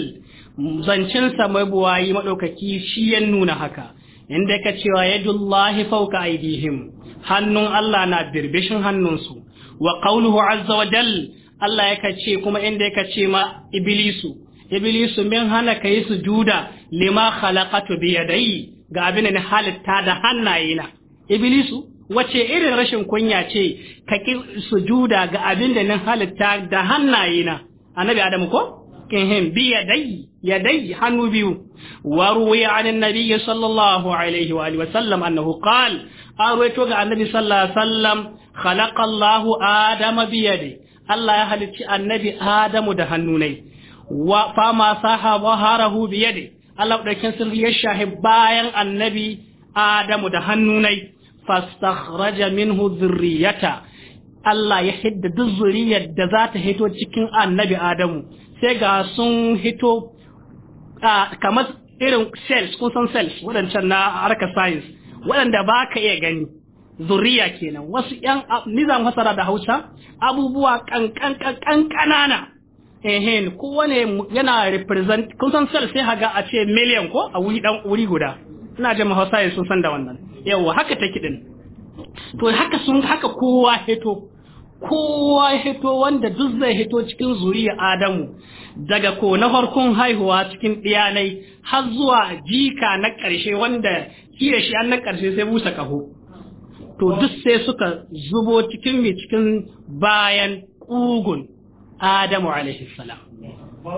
zancinsa mai buwayi madaukaki shi ya nuna haka inda ka cewa yadullahi fawqa aydihim hannun Allah na birbishin hannunsu wa qawluhu azza wa jal Allah ya ce kuma inda ya ce ma iblisu iblisu min hana ka ne sujuda lima khalaqatu bi yadayi ga abin da halitta da hannayena iblisu wace irin rashin kunya ce ka ki sujuda ga abin da halitta da hannaye na, annabi adamu ko ehem bi yadai hannu biyu wa ruwiya anin nabiyyi sallallahu alaihi wa alihi wa annahu qal arwaito ga annabi sallallahu alaihi wasallam khalaqa Allah adama bi yadi Allah ya halicci annabi Adamu da hannu ne wa fama sahaba harahu bi yadi Allah daukin sirri ya shahi bayan annabi Adamu da hannu ne fastakhraja minhu dhurriyata Allah ya hidda duk zuriyar da za ta hito cikin annabi Adamu sai ga sun hito kamar irin cells kun san cells waɗancan na harka science waɗanda ba ka iya gani zuriya kenan wasu yan nizam hasara da hausa abubuwa kankan kankan kanana ehen wane yana represent kun san cells sai haga a ce million ko a wuri dan wuri guda ina jama hausa sun san da wannan yawa haka take din to haka sun haka kowa hito kowa ya hito wanda duk zai hito cikin zuriya Adamu daga ko na farkon haihuwa cikin ɗiyanai har zuwa jika na ƙarshe wanda kira shi an na ƙarshe sai busa kaho to duk sai suka zubo cikin mai cikin bayan ƙugun Adamu alaihi salam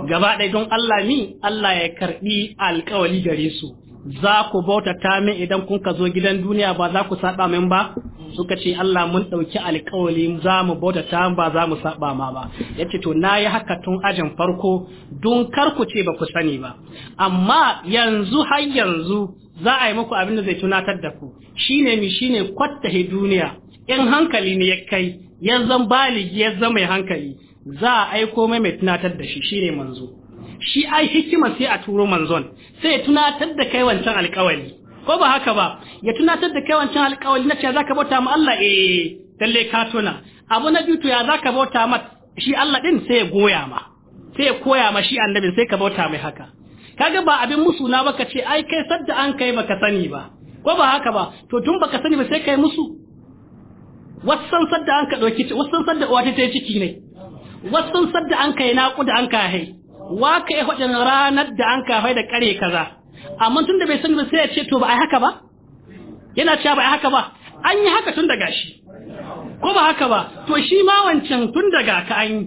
gaba ɗaya don Allah ni Allah ya karɓi alƙawari gare su za ku bautata min idan kun ka zo gidan duniya ba za ku saba min ba suka ce Allah mun ɗauki alƙawali za mu bautata ba za mu saba ma ba Yace to na yi haka tun ajin farko don kar ku ce ba ku sani ba amma yanzu har yanzu za a yi muku abin da zai tunatar da ku shine mi shine he duniya in hankali ne ya kai ya zan baligi ya zama mai hankali za a aiko mai mai tunatar da shi shine manzo shi ai hikima sai a turo manzon sai tunatar da kai wancan alƙawari ko ba haka ba ya tunatar da kai wancan alƙawari na cewa zaka bauta ma Allah eh Talle ka tuna abu na biyu to ya zaka bauta ma shi Allah din sai ya goya ma sai ya koya ma shi annabin sai ka bauta mai haka kaga ba abin musu na baka ce ai kai sadda an kai baka sani ba ko ba haka ba to tun baka sani ba sai kai musu wasan sadda an ka dauki wasan sadda uwa ta ciki ne wasan sadda an kai da an kai wa ka yi ranar da an kafai da kare kaza amma tun da bai san da sai ya ce to ba a haka ba yana cewa ba a haka ba an yi haka tun daga shi ko ba haka ba to shi ma wancan tun daga ka an yi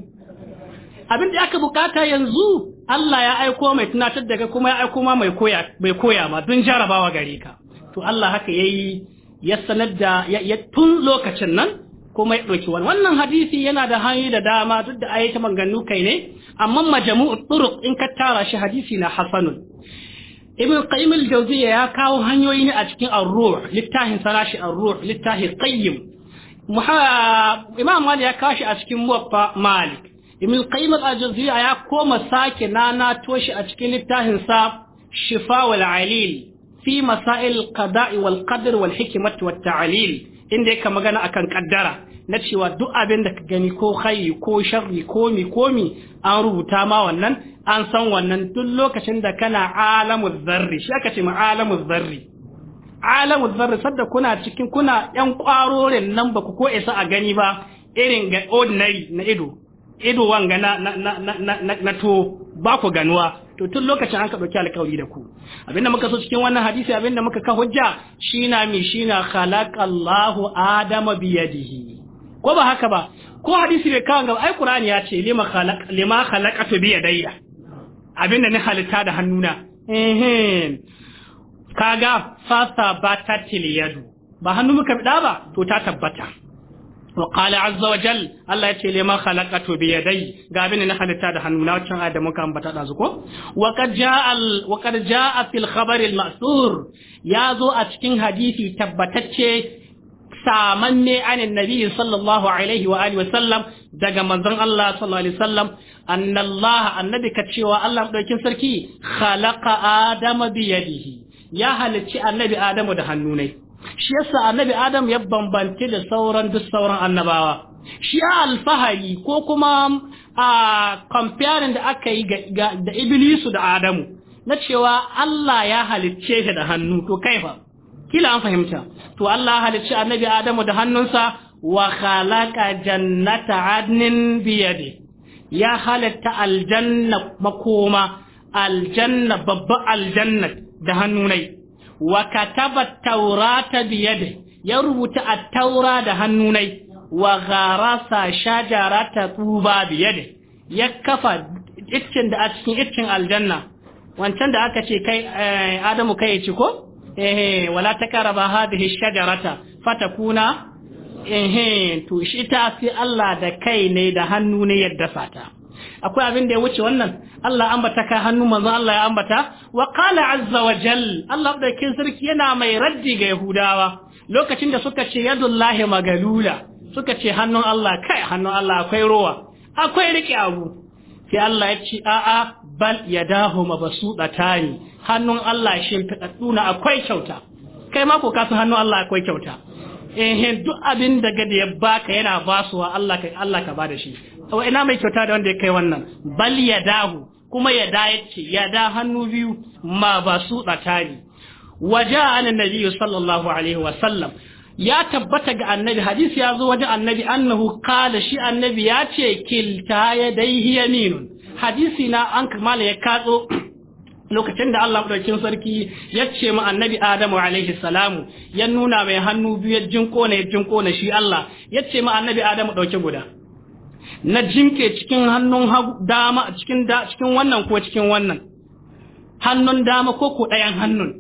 abin da aka bukata yanzu Allah ya aiko mai tunatar da daga kuma ya aiko ma mai koya bai koya ma dun jarabawa gare ka to Allah haka yayi ya sanar da ya tun lokacin nan kuma ya ɗauki wani wannan hadisi yana da hanyoyi da dama duk da ayyata maganganu kai ne amma majamu'u turuq in ka tara shi hadisi na hasanun ibn qayyim al ya kawo hanyoyi ne a cikin ar-ruh littafin sanashi ar-ruh littafin qayyim imam malik ya kawo shi a cikin muwaffa malik ibn qayyim al ya koma sake nana toshi a cikin littafin sa shifa wal alil fi masail qada'i wal qadr wal hikmati wat ta'lil inda yake magana akan kaddara na cewa duk abin da ka gani ko khairi ko sharri ko mi ko mi an rubuta ma wannan an san wannan duk lokacin da kana alamul zarri shi aka ce ma alamul zarri alamul zarri sadda kuna cikin kuna yan kwarorin nan ba ku ko isa a gani ba irin ga ordinary na ido ido wanga na na na, na, na to ba ku ganuwa to tun lokacin an ka ɗauki alkawari da ku abinda muka so cikin wannan hadisi abinda muka ka hujja shi shina mi shina khalaqallahu adama biyadihi ko ba haka ba ko hadisi bai kawo gaba ai qur'ani ya ce lima khalaq lima khalaqatu biyadayya abinda ni halitta da hannuna eh kaga fasa batatil yadu ba hannu muka bida ba to ta tabbata wa qala azza wa Allah ya ce lima khalaqatu bi yadai ga abin na halitta da hannu na wancan da muka ambata da ko wa qad jaa ma'sur ya zo a cikin hadisi tabbatacce samanne anin nabi sallallahu alaihi wa alihi wa daga manzon Allah sallallahu alaihi wasallam annallaha annabi ka cewa Allah daukin sarki khalaqa adama bi yadihi ya halicci annabi adamu da hannu ne shi yasa annabi adam ya bambanci da sauran duk sauran annabawa shi alfahari ko kuma a comparing da aka yi da iblisu da adamu na cewa Allah ya halicce shi da hannu to kaifa kila an fahimta to Allah halicce annabi adamu da hannunsa wa khalaqa jannata adnin biyadi ya halatta aljanna makoma aljanna babba aljanna da hannunai wa kataba taurata biyade ya rubuta at-taura da hannunai wa gharasa shajarata tuba biyade ya kafa iccin da a cikin itcin aljanna wancan da aka ce kai eh, adamu kai ci ko eh wala takaraba hadhihi shajarata fatakuna eh to shi ta sai Allah da kai ne da hannu ne yadda ta. akwai abin da ya wuce wannan Allah ambata ka hannu manzo Allah ya ambata wa qala azza wa jal Allah da kin sarki yana mai raddi ga Yahudawa lokacin da suka ce yadullahi magalula suka ce hannun Allah kai hannun Allah akwai ruwa. akwai rike abu sai Allah ya ce a'a bal yadahu mabsutatani hannun Allah shi na akwai kyauta kai ma ko ka san hannun Allah akwai kyauta eh duk abin da da ya baka yana basuwa Allah kai Allah ka bada shi wa ina mai kyauta da wanda ya kai wannan bal ya dahu kuma ya da yace ya da hannu biyu ma ba su tari waje annabi sallallahu alaihi wa sallam ya tabbata ga annabi hadisi ya zo waje annabi annahu qala shi annabi ya ce kilta ya dai hadisi na an kamala ya katso lokacin da Allah madaukakin sarki ya ce ma annabi Adamu alaihi salamu ya nuna mai hannu biyu ya jinko ya jinko shi Allah ya ce ma annabi Adamu dauke guda na jimke cikin hannun dama cikin da cikin wannan ko cikin wannan hannun dama ko ko ɗayan hannun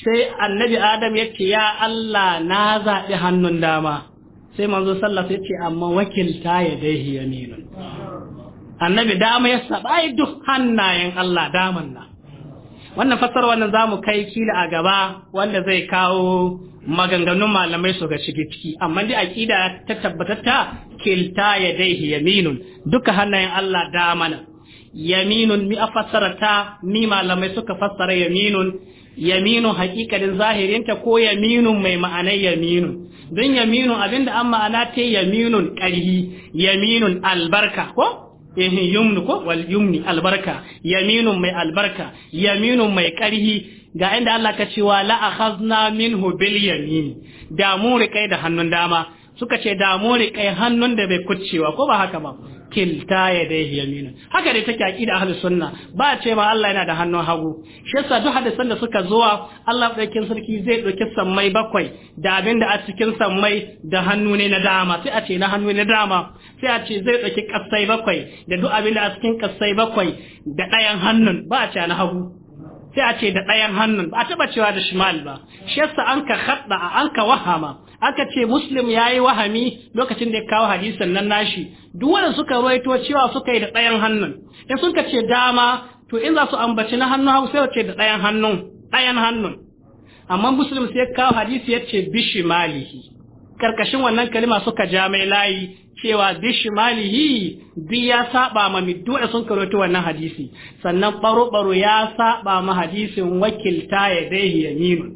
sai annabi adam ya ce ya Allah na zaɓi hannun dama sai manzo sallah sai ce amma wakilta ya dai yaminun annabi dama ya saba duk hannayen Allah daman na wannan fassara wannan za mu kai kila a gaba wanda zai kawo maganganun malamai su ga shiga ciki amma dai aqida ta tabbatatta kilta yadayhi yaminun duka hannayen Allah da mana yaminun mi a fassara ta mi malamai suka fassara yaminun yaminu hakikalin zahirinta ko yaminun mai ma'anar yaminun don yaminun abinda an ma'ana ta yaminun ƙarhi yaminun albarka ko ehin yumnu ko wal yumni albarka yaminun mai albarka yaminun mai karhi ga inda Allah ka cewa la akhazna minhu bil yamin da mu rikai da hannun dama suka ce da mu rikai hannun da bai kuccewa ko ba haka ba kilta ya dai yamina haka dai take aqida ahlus sunna ba ce ba Allah yana da hannun hagu shi yasa duk hadisan da suka zuwa Allah daukin sarki zai ɗauki sammai bakwai da abin da a cikin sammai da hannu ne na dama sai a ce na hannu na dama sai a ce zai ɗauki kasai bakwai da duk abin da a cikin ƙasai bakwai da ɗayan hannun ba a ce na hagu sai a ce da ɗayan hannun ba a taɓa cewa da shimal ba shi yasa an ka haɗa a an ka wahama an ka ce muslim ya yi wahami lokacin da ya kawo hadisan nan nashi duk wanda suka rawaito cewa suka yi da ɗayan hannun in sun ka ce dama to in za su ambaci na hannu hau sai ce da ɗayan hannun ɗayan hannun amma muslim sai ya kawo hadisi ya ce bishimalihi karkashin wannan kalima suka ja mai layi cewa bishimalihi bi ya saba ma middu'a sun karoto wannan hadisi sannan baro baro ya saba ma hadisin wakilta ya dai yaminu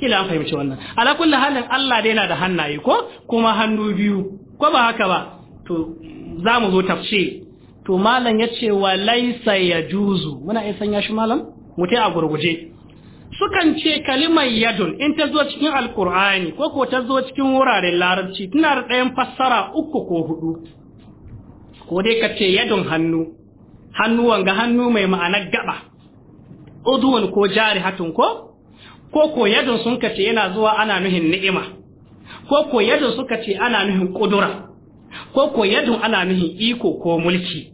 kila an fahimci wannan ala kullu halin Allah dai yana da hannaye ko kuma hannu biyu ko ba haka ba to za mu zo tafsir to malam yace wa laysa yajuzu muna iya sanya shi malam mutai a gurguje sukan ce kalimar yadun in ta zo cikin alkur'ani ko ko ta zo cikin wuraren larabci tana da ɗayan fassara uku ko hudu ko dai ka ce yadun hannu hannu wanga hannu mai ma'anar gaba uduwan ko jari hatun ko ko ko yadun sun ka ce yana zuwa ana nuhin ni'ima ko ko yadun suka ce ana nuhin kudura ko ko yadun ana nuhin iko ko mulki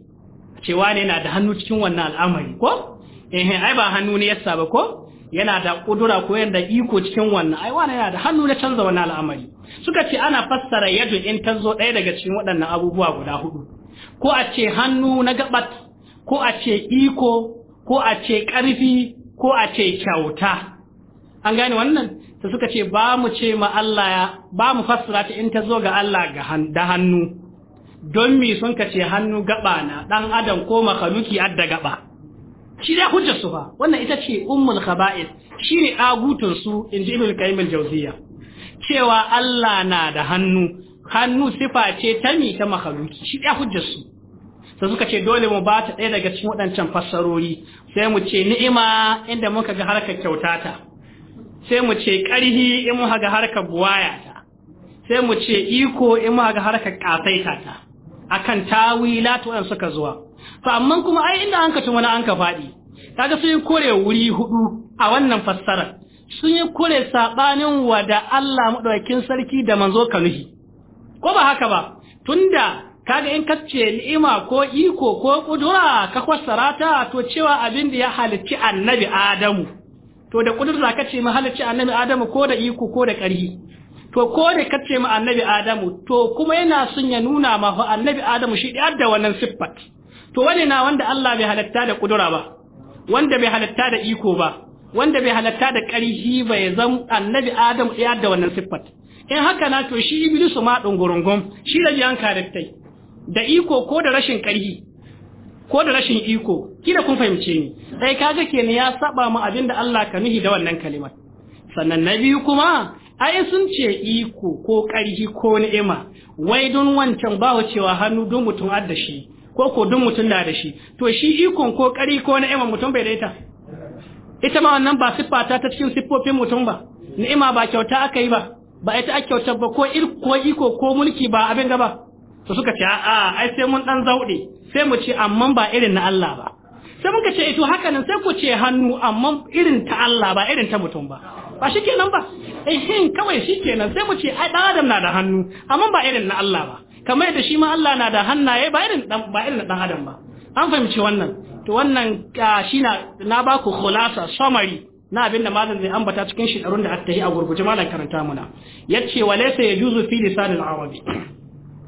cewa ne na da hannu cikin wannan al'amari ko eh ai ba hannu ne yasa ba ko yana da kudura ko yana da iko cikin wannan ai wannan yana da hannu na canza wannan al'amari suka ce ana fassara yadu in ta zo ɗaya daga cikin waɗannan abubuwa guda hudu ko a ce hannu na gabat ko a ce iko ko a ce ƙarfi ko a ce kyauta an gane wannan ta suka ce ba mu ce ma Allah ya ba mu fassara ta in ta zo ga Allah da hannu don mi sun ka ce hannu gaba na ɗan adam ko makaluki adda gaba shi da hujjar su fa wannan ita ce ummul khaba'is shi ne agutun su inji ibn qayyim al-jawziya cewa Allah na da hannu hannu sifa ce ta mi ta makhluki shi da hujjar su sai suka ce dole mu ba ta ɗaya daga cikin waɗancan fassarori sai mu ce ni'ima inda muka ga harkar kyautata sai mu ce ƙarhi in muka ga harkar buwayata sai mu ce iko in muka ga harkar ƙasaitata akan tawila to an suka zuwa Fa amma kuma ai inda an ka wani an ka faɗi kaga sun yi kore wuri hudu a wannan fassara, sun yi kore saɓanin wa da Allah maɗaukin sarki da manzo ka nuhi ko ba haka ba tunda kaga in ka ce ni'ima ko iko ko kudura ka fassara ta to cewa abin da ya halicci annabi Adamu to da kudura ka ce mahalicci annabi Adamu ko da iko ko da ƙarhi? to ko da kace mu annabi adamu to kuma yana son ya nuna ma annabi adamu shi da wannan siffat to wane na wanda Allah bai halatta da kudura ba wanda bai halatta da iko ba wanda bai halatta da ƙarfi ba ya zama annabi adam ya da wannan siffat in haka na to shi iblisu ma dungurungun shi da jiyan karattai da iko ko da rashin ƙarfi ko da rashin iko kida kun fahimce ni sai kaga kenan ya saba mu abin da Allah ka nuhi da wannan kalimar sannan na biyu kuma ai sun ce iko ko ƙarfi ko ni'ima wai don wancan ba cewa hannu don mutum adda ko ko duk mutum na da shi to shi ikon kari ko ni'ima mutum bai da ita ita ma wannan ba siffa ta ta cikin siffofin mutum ba ni'ima ba kyauta aka yi ba ba ita ake kyautar ba ko ko iko ko mulki ba abin gaba to suka ce a'a ai sai mun dan zaude sai mu ce amma ba irin na Allah ba sai muka ce ito haka nan sai ku ce hannu amma irin ta Allah ba irin ta mutum ba ba kenan ba eh kawai shi kenan sai mu ce ai dan adam na da hannu amma ba irin na Allah ba kamar da shi ma Allah na da hannaye ba irin dan ba irin dan adam ba an fahimci wannan to wannan shi na na ba ku khulasa summary na abin da malam zai ambata cikin shekarun da attahi a gurguje malam karanta muna yace walaysa yajuzu fi lisan al-arabi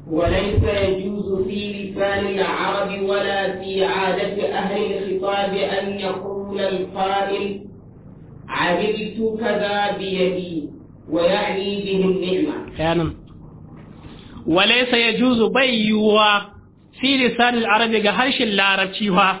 وليس يجوز في لسان العرب ولا في عادة أهل الخطاب أن يقول القائل عملت كذا بيدي ويعني به
النعمة. juzu bai yiwuwa fi lisanil arabi ga harshen larabci wa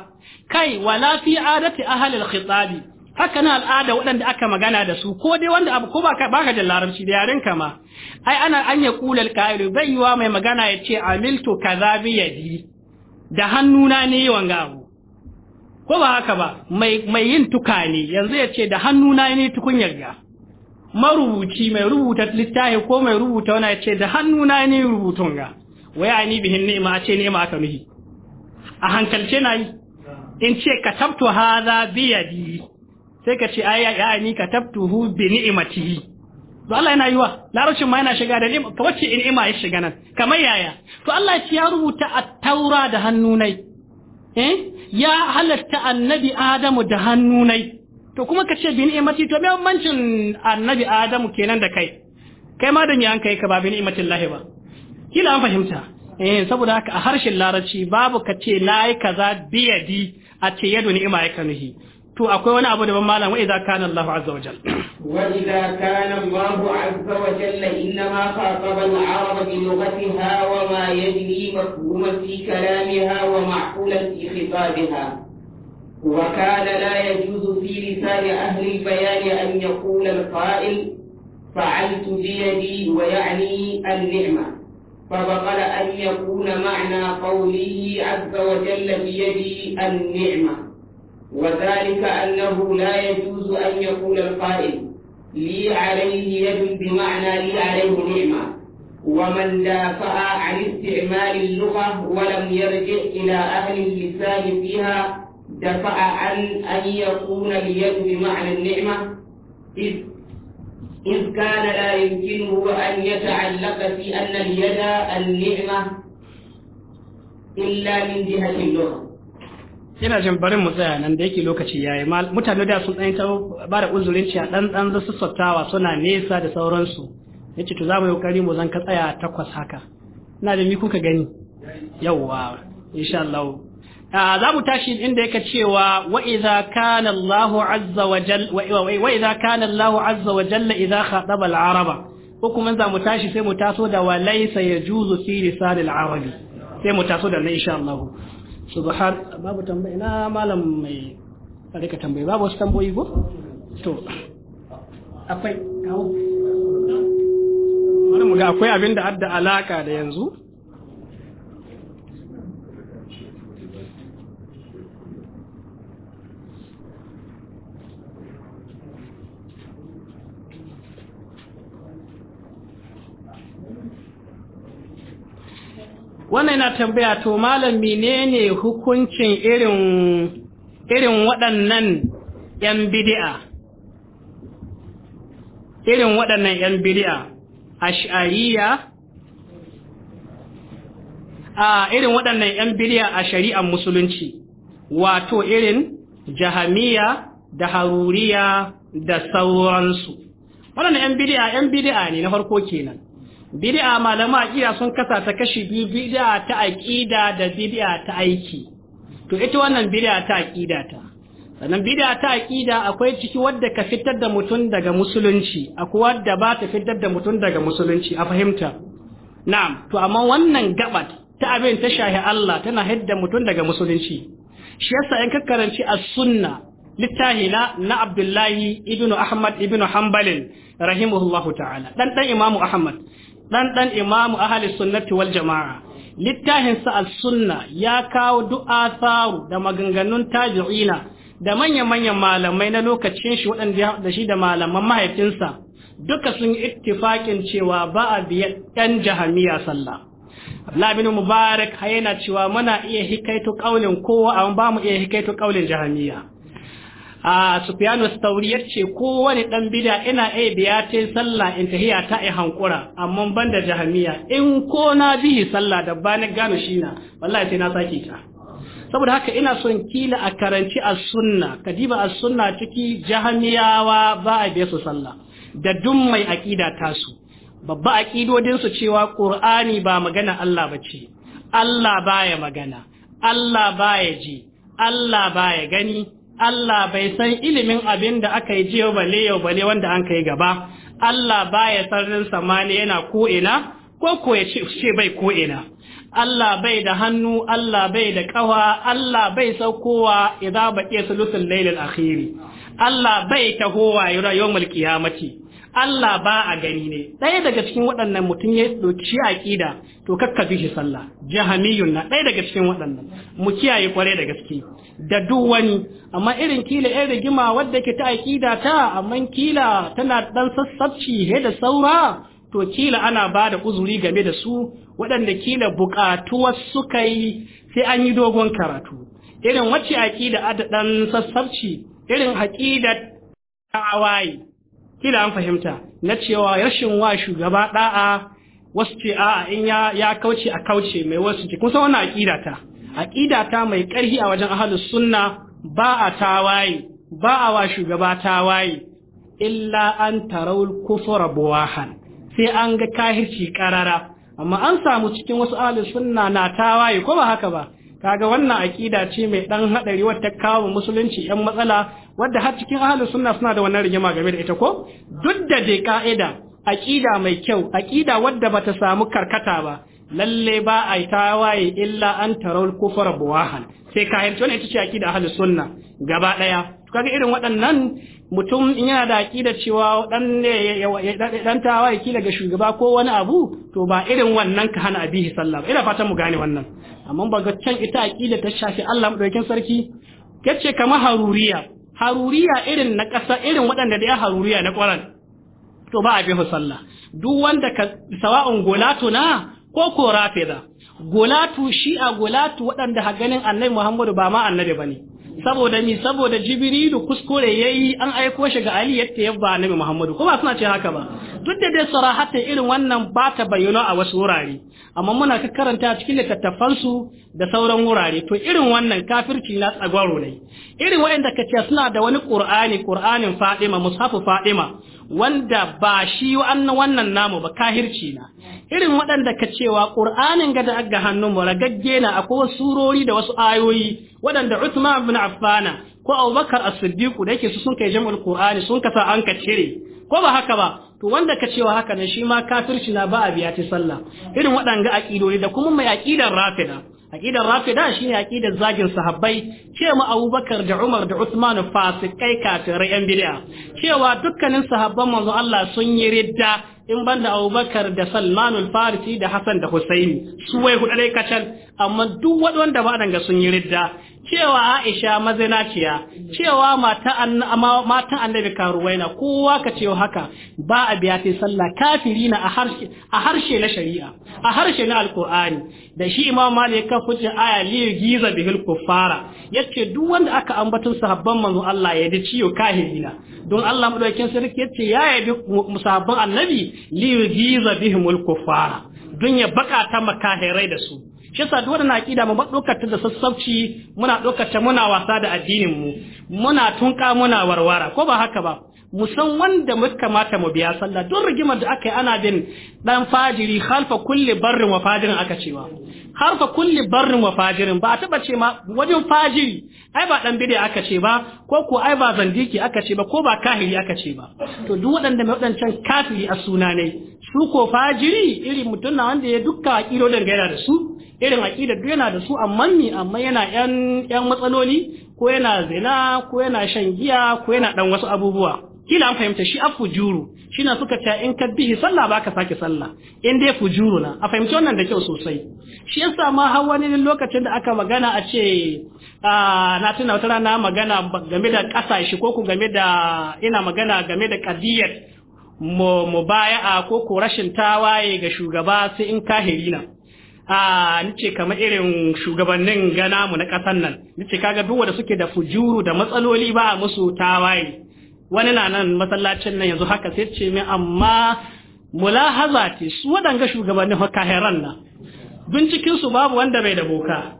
kai wala fi adati ahli khitabi haka na al'ada waɗanda aka magana da su ko dai wanda abu ko baka baka da larabci da yaren kama. ai ana an ya kula al-qa'il mai magana ya ce amiltu kaza bi yadi da hannuna ne wanga abu ko ba haka ba mai yin tukane yanzu ya ce da hannuna ne tukunyar ga marubuci mai rubuta littafi ko mai rubuta wani ya ce da hannuna ne rubutun ga waya ni bihin nema a ce nema aka nuhi
a hankalce na
yi in ce ka tabtu haza biyadi sai ka ce ai ya ni ka hu bi ni'imati to Allah yana yiwa larabcin ma yana shiga da ni'ima wacce in ima ya shiga nan kamar yaya to Allah ya rubuta a taura da hannunai eh ya halatta annabi Adamu da hannunai to kuma ka ce bi ni'imati to me bambancin annabi adamu kenan da kai kai ma da ni an kai ka ba bi ni'imatin lahi ba kila an fahimta eh saboda haka a harshen larabci babu ka ce nayi kaza biyadi a ce yadu ni'ima ya to akwai wani abu daban malam wa idza kana Allahu azza wa jalla [coughs]
wa idza kana Allahu azza wa jalla inna ma khataba al-arab bi lughatiha wa ma yajri fi kalamiha wa ma'qulan fi khitabiha وكان لا يجوز في لسان أهل البيان أن يقول القائل فعلت بيدي ويعني النعمة فبطل أن يكون معنى قوله عز وجل بيدي النعمة وذلك أنه لا يجوز أن يقول القائل لي عليه يد بمعنى لي عليه نعمة ومن دافع عن استعمال اللغة ولم يرجع إلى أهل اللسان فيها دفع عن أن يكون اليد بمعنى النعمة إذ إذ كان لا يمكنه أن يتعلق في أن اليد النعمة إلا من جهة اللغة
ina jin barin mu tsaya nan da yake lokaci yayi mutane da sun tsayin ba da uzurin cewa dan dan da sattawa suna nesa da sauransu yace to za mu yi kokari mu zan ka tsaya takwas haka ina da mi kuka gani yawwa insha Allah za mu tashi inda yake cewa wa idza kana Allah azza wa jalla wa idza kana Allah azza wa jalla idza khataba al-araba ko kuma za mu tashi sai mu taso da wa laysa yajuzu fi lisan al-arabi sai mu taso da nan insha Allah subhan babu tambayi na malam mai rika tambaye babu wasu tambayoyi ko to akwai kawo bari mu ga akwai abin da adda alaka da yanzu wannan yana tambaya to malam menene hukuncin irin irin waɗannan ƴan bid'a irin waɗannan ƴan bid'a ash'ariya a irin waɗannan yan bid'a a shari'ar musulunci wato irin jahamiya da haruriya da sauransu waɗannan yan bid'a yan bid'a ne na farko kenan bid'a malama aqiya sun kasa ta kashi biyu bid'a ta aqida da bid'a ta aiki to ita wannan bid'a ta aqida ta sannan bid'a ta aqida akwai ciki wadda ka fitar da mutum daga musulunci akwai wadda ba ta fitar da mutum daga musulunci a fahimta na'am to amma wannan gabat ta abin ta shahi Allah tana hidda mutum daga musulunci shi yasa in ka karanci as-sunna littahi na na Abdullahi ibnu Ahmad ibnu Hanbalin rahimahullahu ta'ala dan dan Imam Ahmad dan dan Imam ahli sunnati wal jama'a littafin sa al-sunna ya kawo du'a tsaru da maganganun tabi'ina da manya-manyan malamai na lokacin shi waɗanda da shi da malaman mahaifinsa duka sun yi ittifakin cewa ba a biya ɗan jahamiya sallah labin mubarak yana cewa muna iya hikaito kaulin kowa amma ba mu iya hikaito kaulin jahamiya a Sufyanu ya ce kowane ɗan bida ina ai biya ta sallah in tahiya ta hankura amma ban da jahamiya in ko na bihi sallah da ba ni gano shi na wallahi sai na sake ta saboda haka ina son kila a karanci a sunna kadiba a sunna ciki jahamiyawa ba a biya su sallah da duk mai aƙida tasu babba aƙidodin su cewa Qur'ani ba magana Allah bace Allah baya magana Allah baya ji Allah baya gani Allah bai san ilimin abin da aka yi jiya bale yau bale wanda an kai gaba Allah baya sarrin samani yana ko'ina ko ko ya ce bai ko ina Allah bai da hannu Allah bai da ƙawa, Allah bai saukowa ba baqiya sulusul lailil akhiri Allah bai tahowa yawmul mace. Allah ba a gani ne ɗaya daga cikin waɗannan mutum ya ɗauki aƙida to kakka bi shi sallah jahamiyun na ɗaya daga cikin waɗannan mu kiyaye kwarai da gaske da duk wani amma irin kila ɗaya rigima wadda ke ta aƙida ta amma kila tana ɗan sassabci he da saura to kila ana ba da uzuri game da su waɗanda kila buƙatuwar suka yi sai an yi dogon karatu irin wacce aƙida a da ɗan sassabci irin aƙida ta awaye kila an fahimta na cewa rashin wa shugaba da'a wasu ce a'a in ya kauce a kauce mai wasu ce kusa wannan aqida ta aqida ta mai karhi a wajen ahlus sunna ba a tawaye ba a wa shugaba tawaye illa an tarawul kufra buwahan sai an ga kahirci karara amma an samu cikin wasu ahlus sunna na tawaye ko ba haka ba kaga wannan aƙida ce mai ɗan haɗari wata kawo musulunci ‘yan matsala wadda har cikin ahalin suna suna da wannan rigima game da ita ko duk da dai ƙa'ida aƙida mai kyau aƙida wadda bata samu karkata ba lalle ba a yi tawaye illa an tarar kufar buwahan sai ka hanci ita ce aƙida ahalin suna gaba ɗaya kaga irin waɗannan mutum in yana da aƙida cewa ɗan ɗan tawaye kila ga shugaba ko wani abu to ba irin wannan ka hana abihi sallah ba ina fatan mu gane wannan amma ba ga can ita aƙida ta shafi Allah madaukakin sarki kace kamar haruriya haruriya irin na ƙasa irin waɗanda da ya haruriya na ƙwaran to ba a bi sallah duk wanda ka sawa'un golatu na ko ko rafida golatu shi a golatu waɗanda haganin annabi Muhammadu ba ma annabi bane saboda ni saboda jibrilu kuskure yayi an aiko shi ga ali yadda ya ba annabi Muhammadu kuma suna ce haka ba duk da dai sarahata irin wannan ba ta bayyana a wasu wurare amma muna ka karanta cikin littattafansu da sauran wurare to irin wannan kafirci na tsagwaro ne irin waɗanda ka ce suna da wani ƙur'ani, ƙur'anin fadima mushafu fadima wanda ba shi wannan namu ba kahirci na irin waɗanda ka cewa ƙur'anin ga da aga hannun mu ragagge na akwai surori da wasu ayoyi waɗanda Usman ibn Affana ko Abubakar As-Siddiq da yake su sun kai jam'ul Qur'ani sun kasa an ka cire ko ba haka ba to wanda ka cewa haka nan shi ma kafirci na ba a biya ta sallah irin waɗanga aƙidori da kuma mai aƙidar rafida aƙidar rafida shine aƙidar zagin sahabbai cewa Abubakar da Umar da Uthman fasikai kafirai yan bid'a cewa dukkanin sahabban manzo Allah sun yi ridda in ban da abubakar da salmanul farisi da hassan da husaini su wai hudu kacal amma duk waɗanda ba danga sun yi ridda cewa Aisha mazinaciya cewa matan annabi karuwaina kowa ka cewa haka ba a biya ta sallah kafiri na a harshe na shari'a a harshe na alkur'ani da shi imam malik ka fice aya li giza bihil kufara yace duk wanda aka ambaton sahabban manzo Allah ya da ciyo kahiri don Allah madaukakin sarki yace ya yabi musabban annabi li giza bihimul kufara don ya bakata makahirai da su shi yasa duk wannan aqida mu dokar da sassauci muna ɗaukata muna wasa da addinin mu muna tunka muna warwara ko ba haka ba mu san wanda mu kamata mu biya sallah don rigimar da aka yi ana bin ɗan fajiri khalfa kulle barrin wa fajirin aka cewa Har fa kulli barrin wa fajirin ba a taba ce ma wajen fajiri ai ba dan bid'a aka ce ba ko ko ai ba zandiki aka ce ba ko ba kahiri aka ce ba to duk waɗanda mai waɗancan kafiri a suna ne su ko fajiri irin mutum na wanda ya dukka da gaira da su irin aƙidar duk yana da su amma ni amma yana yan yan matsaloli ko yana zina ko yana shan giya ko yana ɗan wasu abubuwa kila an fahimta shi afujuru shine suka ce in ka bihi sallah ba ka sake sallah in dai fujuru na a fahimci wannan da kyau sosai shi yasa ma har wani lokacin da aka magana a ce na tuna wata rana magana game da kasashe ko ku game da ina magana game da kadiyar mu baya ko ko rashin tawaye ga shugaba sai in kahiri na a nice kamar irin shugabannin gana mu na ƙasar nan nice kaga duk wanda suke da fujuru da matsaloli ba a musu tawaye wani na nan masallacin nan yanzu haka sai ce mai amma mulahaza ce su waɗanga shugabannin kahiran nan. bincikinsu babu wanda bai da boka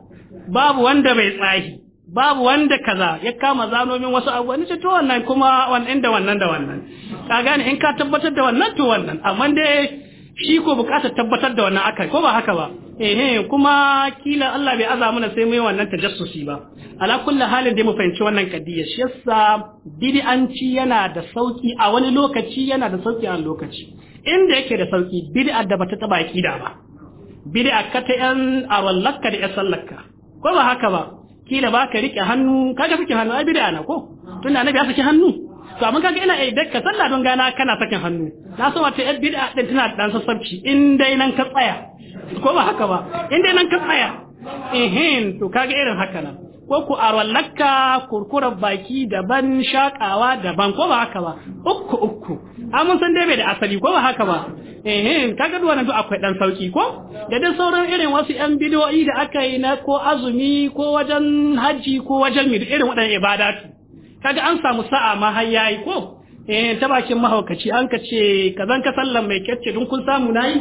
babu wanda bai tsahi babu wanda kaza ya kama zanomin wasu abuwa ni ce to wannan kuma wannan da wannan da wannan ka gane in ka tabbatar da wannan to wannan amma dai shi ko bukatar tabbatar da wannan aka ko ba haka ba eh kuma kila Allah bai aza mana sai mai wannan tajassusi ba ala kulli halin da mu fahimci wannan kaddiya shi yasa bid'anci yana da sauki a wani lokaci yana da sauki a lokaci inda yake da sauki bid'a da bata taba kida ba bid'a ka ta yan arwallaka da yasallaka ko ba haka ba kila ba ka rike hannu kaga fike hannu ai bid'a na ko tunda annabi ya saki hannu to amma kaga ina ai dakka sallah don gana kana sakin hannu na so wace yar bid'a din tana dan sassafi in dai nan ka tsaya ko ba haka ba in dai nan ka tsaya ehin to kaga irin haka nan ko ku arwallaka kurkurar baki daban shakawa daban ko ba haka ba uku uku amma san dai bai da asali ko ba haka ba eh kaga duwan nan akwai dan sauki ko da dai sauran irin wasu yan bidoyi da aka yi na ko azumi ko wajen haji ko wajen mid irin wadannan ibadatu kaga an samu sa'a ma har yayi ko eh ta bakin mahaukaci an ka ce kazan ka sallan mai kyacce dun kun samu nayi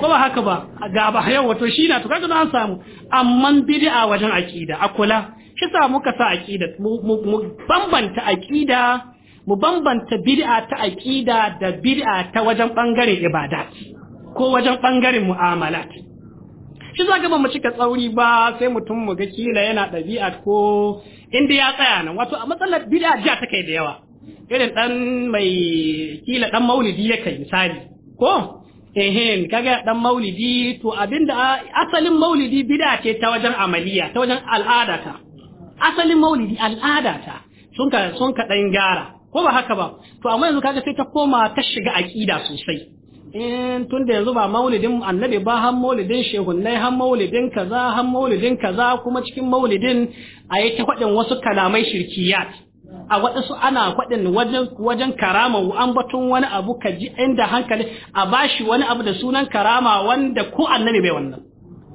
ko ba haka ba ga ba yau wato shi na to kaga an samu amma bid'a wajen aqida akula shi sa muka sa aqida mu bambanta aqida mu bambanta bid'a ta aqida da bid'a ta wajen bangaren ibada ko wajen bangaren mu'amala. shi za ga mu cika tsauri ba sai mutum mu ga kila yana ɗabi'a ko inda ya tsaya nan wato a matsalar bid'a jiya ta kai da yawa irin dan mai kila dan maulidi ya kai misali ko eh kaga dan maulidi to abinda asalin maulidi bid'a ce ta wajen amaliya ta wajen al'adata asalin maulidi al'adata sun ka sun ka dan gara ko ba haka ba to amma yanzu kaga sai ta koma ta shiga aqida sosai in tun da yanzu ba maulidin annabi ba han maulidin shehunnai han maulidin kaza han maulidin kaza kuma cikin maulidin a yi ta faɗin wasu kalamai shirkiyat a waɗansu ana faɗin wajen wajen karama an batun wani abu ka ji inda hankali a bashi wani abu da sunan karama wanda ko annabi bai wannan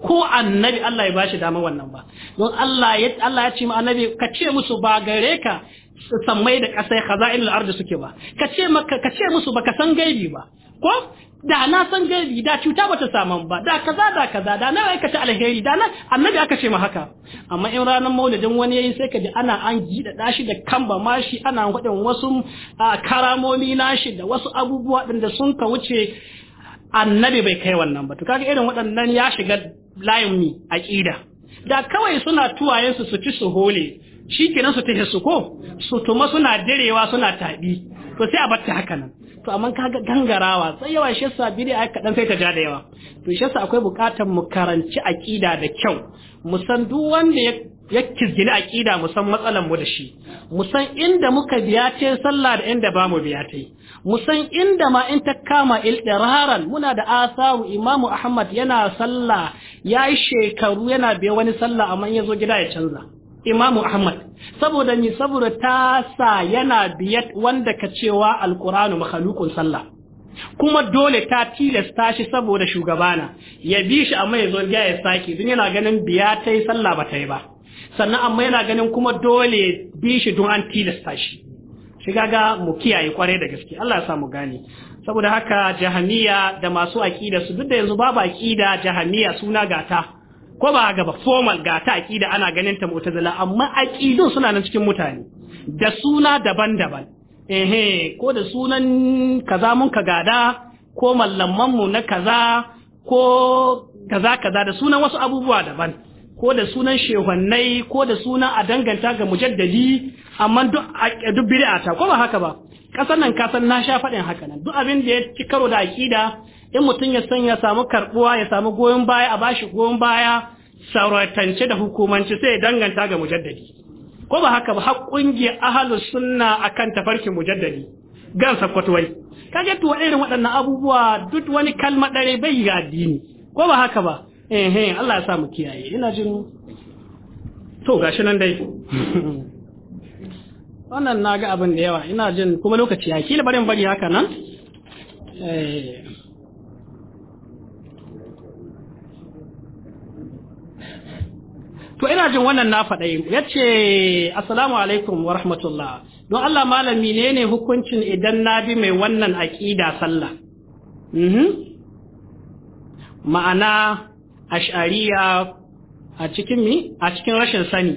ko annabi Allah ya bashi dama wannan ba don Allah ya Allah ya ce ma annabi ka ce musu ba gare ka sammai da ƙasai khaza'ilul ardi suke ba ka ce maka ka ce musu baka san gaibi ba ko da na san gari da cuta bata saman ba da kaza da kaza da na ta alheri da na annabi aka ce ma haka amma in ranar maulidin wani yayin sai ka ji ana an da dashi da kamba mashi ana faɗin wasu karamomi nashi da wasu abubuwa din da sun ka wuce annabi bai kai wannan ba to kaga irin waɗannan ya shiga layin mi aqida da kawai suna tuwayen su su ci su hole shikenan su tahe su ko su tuma suna direwa suna tabi to sai a batta haka nan to amma kaga gangarawa sai yawa shi yasa ai kaɗan sai ta ja da yawa to shi yasa akwai bukatar mu karanci akida da kyau mu san duk wanda ya ya kizgili aƙida mu san matsalan mu da shi mu san inda muka biya ta sallah da inda bamu biya ta mu san inda ma in ta kama ildiraran muna da asabu imamu ahmad yana sallah ya shekaru yana biya wani sallah amma ya zo gida ya canza imamu ahmad saboda ni saboda tasa yana biyat wanda ka cewa alkuranu makhalukun sallah kuma dole ta tilasta shi saboda shugabana ya bi shi amma ya zo ya saki don yana ganin biya ta yi sallah ba ta yi ba sannan amma yana ganin kuma dole bi shi don an tilasta shi shiga ga mu kiyaye kwarai da gaske Allah ya sa mu gane saboda haka jahamiya da masu akida su duk da yanzu babu aƙida jahamiya suna gata ko ba gaba formal ga ta aqida ana ganin ta mu'tazila amma aqidun suna nan cikin mutane da suna daban-daban ehe ko da sunan kaza mun ka gada ko mallamman mu na kaza ko kaza kaza da sunan wasu abubuwa daban ko da sunan shehwannai ko da sunan a danganta ga mujaddadi amma duk duk bid'a ta ko ba haka ba kasan nan kasan na sha faɗin haka nan duk abin da ya ci karo da aqida in mutum ya san ya samu karbuwa ya samu goyon baya a bashi goyon baya sauratance da hukumanci sai ya danganta ga mujaddadi ko ba haka ba har kungiya ahlus sunna akan tafarkin mujaddadi gan sakkwatwai kaje to irin waɗannan abubuwa duk wani kalma dare bai ga addini ko ba haka ba eh eh Allah ya sa mu kiyaye ina jin to gashi nan dai [laughs] wannan naga abin da yawa ina jin kuma lokaci ya kila bari bari haka nan eh to ina jin wannan na faɗa ya ce assalamu alaikum wa rahmatullah don Allah malami ne ne hukuncin idan na bi mai wannan aƙida sallah mhm. ma'ana shari'a a cikin mi a cikin rashin sani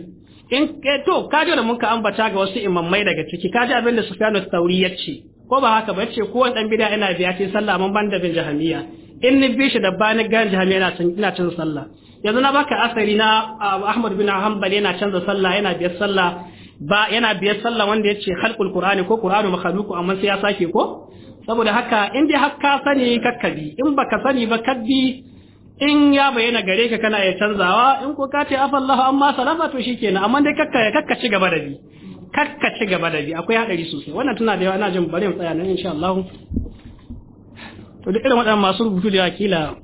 in to kaji da muka ambata ga wasu imammai daga ciki kaji abin da Sufyanu tauri ya ce ko ba haka ba ya ce ko wani dan bid'a yana biya ce sallah mun ban da bin jahamiya in ni bi shi da bani gan jahamiya ina cin sallah yanzu na baka asali na Ahmad bin Hanbal yana canza sallah yana biyar sallah ba yana biyar sallah wanda yace khalqul qur'ani ko qur'anu makhluqu amma sai ya sake ko saboda haka in dai har ka sani kakkabi in baka sani ba kaddi in ya bayyana gare ka kana ya canzawa in ko ka ce afallahu amma salama to shikenan amma dai kakka kakka ci gaba da bi kakka ci gaba da bi akwai hadari sosai wannan tana da yawa ina jin bari mu tsaya nan insha Allah to duk irin waɗannan masu rubutu da kila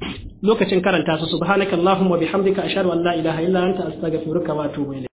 lokacin karanta su subhanakallahumma bihamdika ashhadu an la ilaha illa anta astaghfiruka
wa atubu ilayk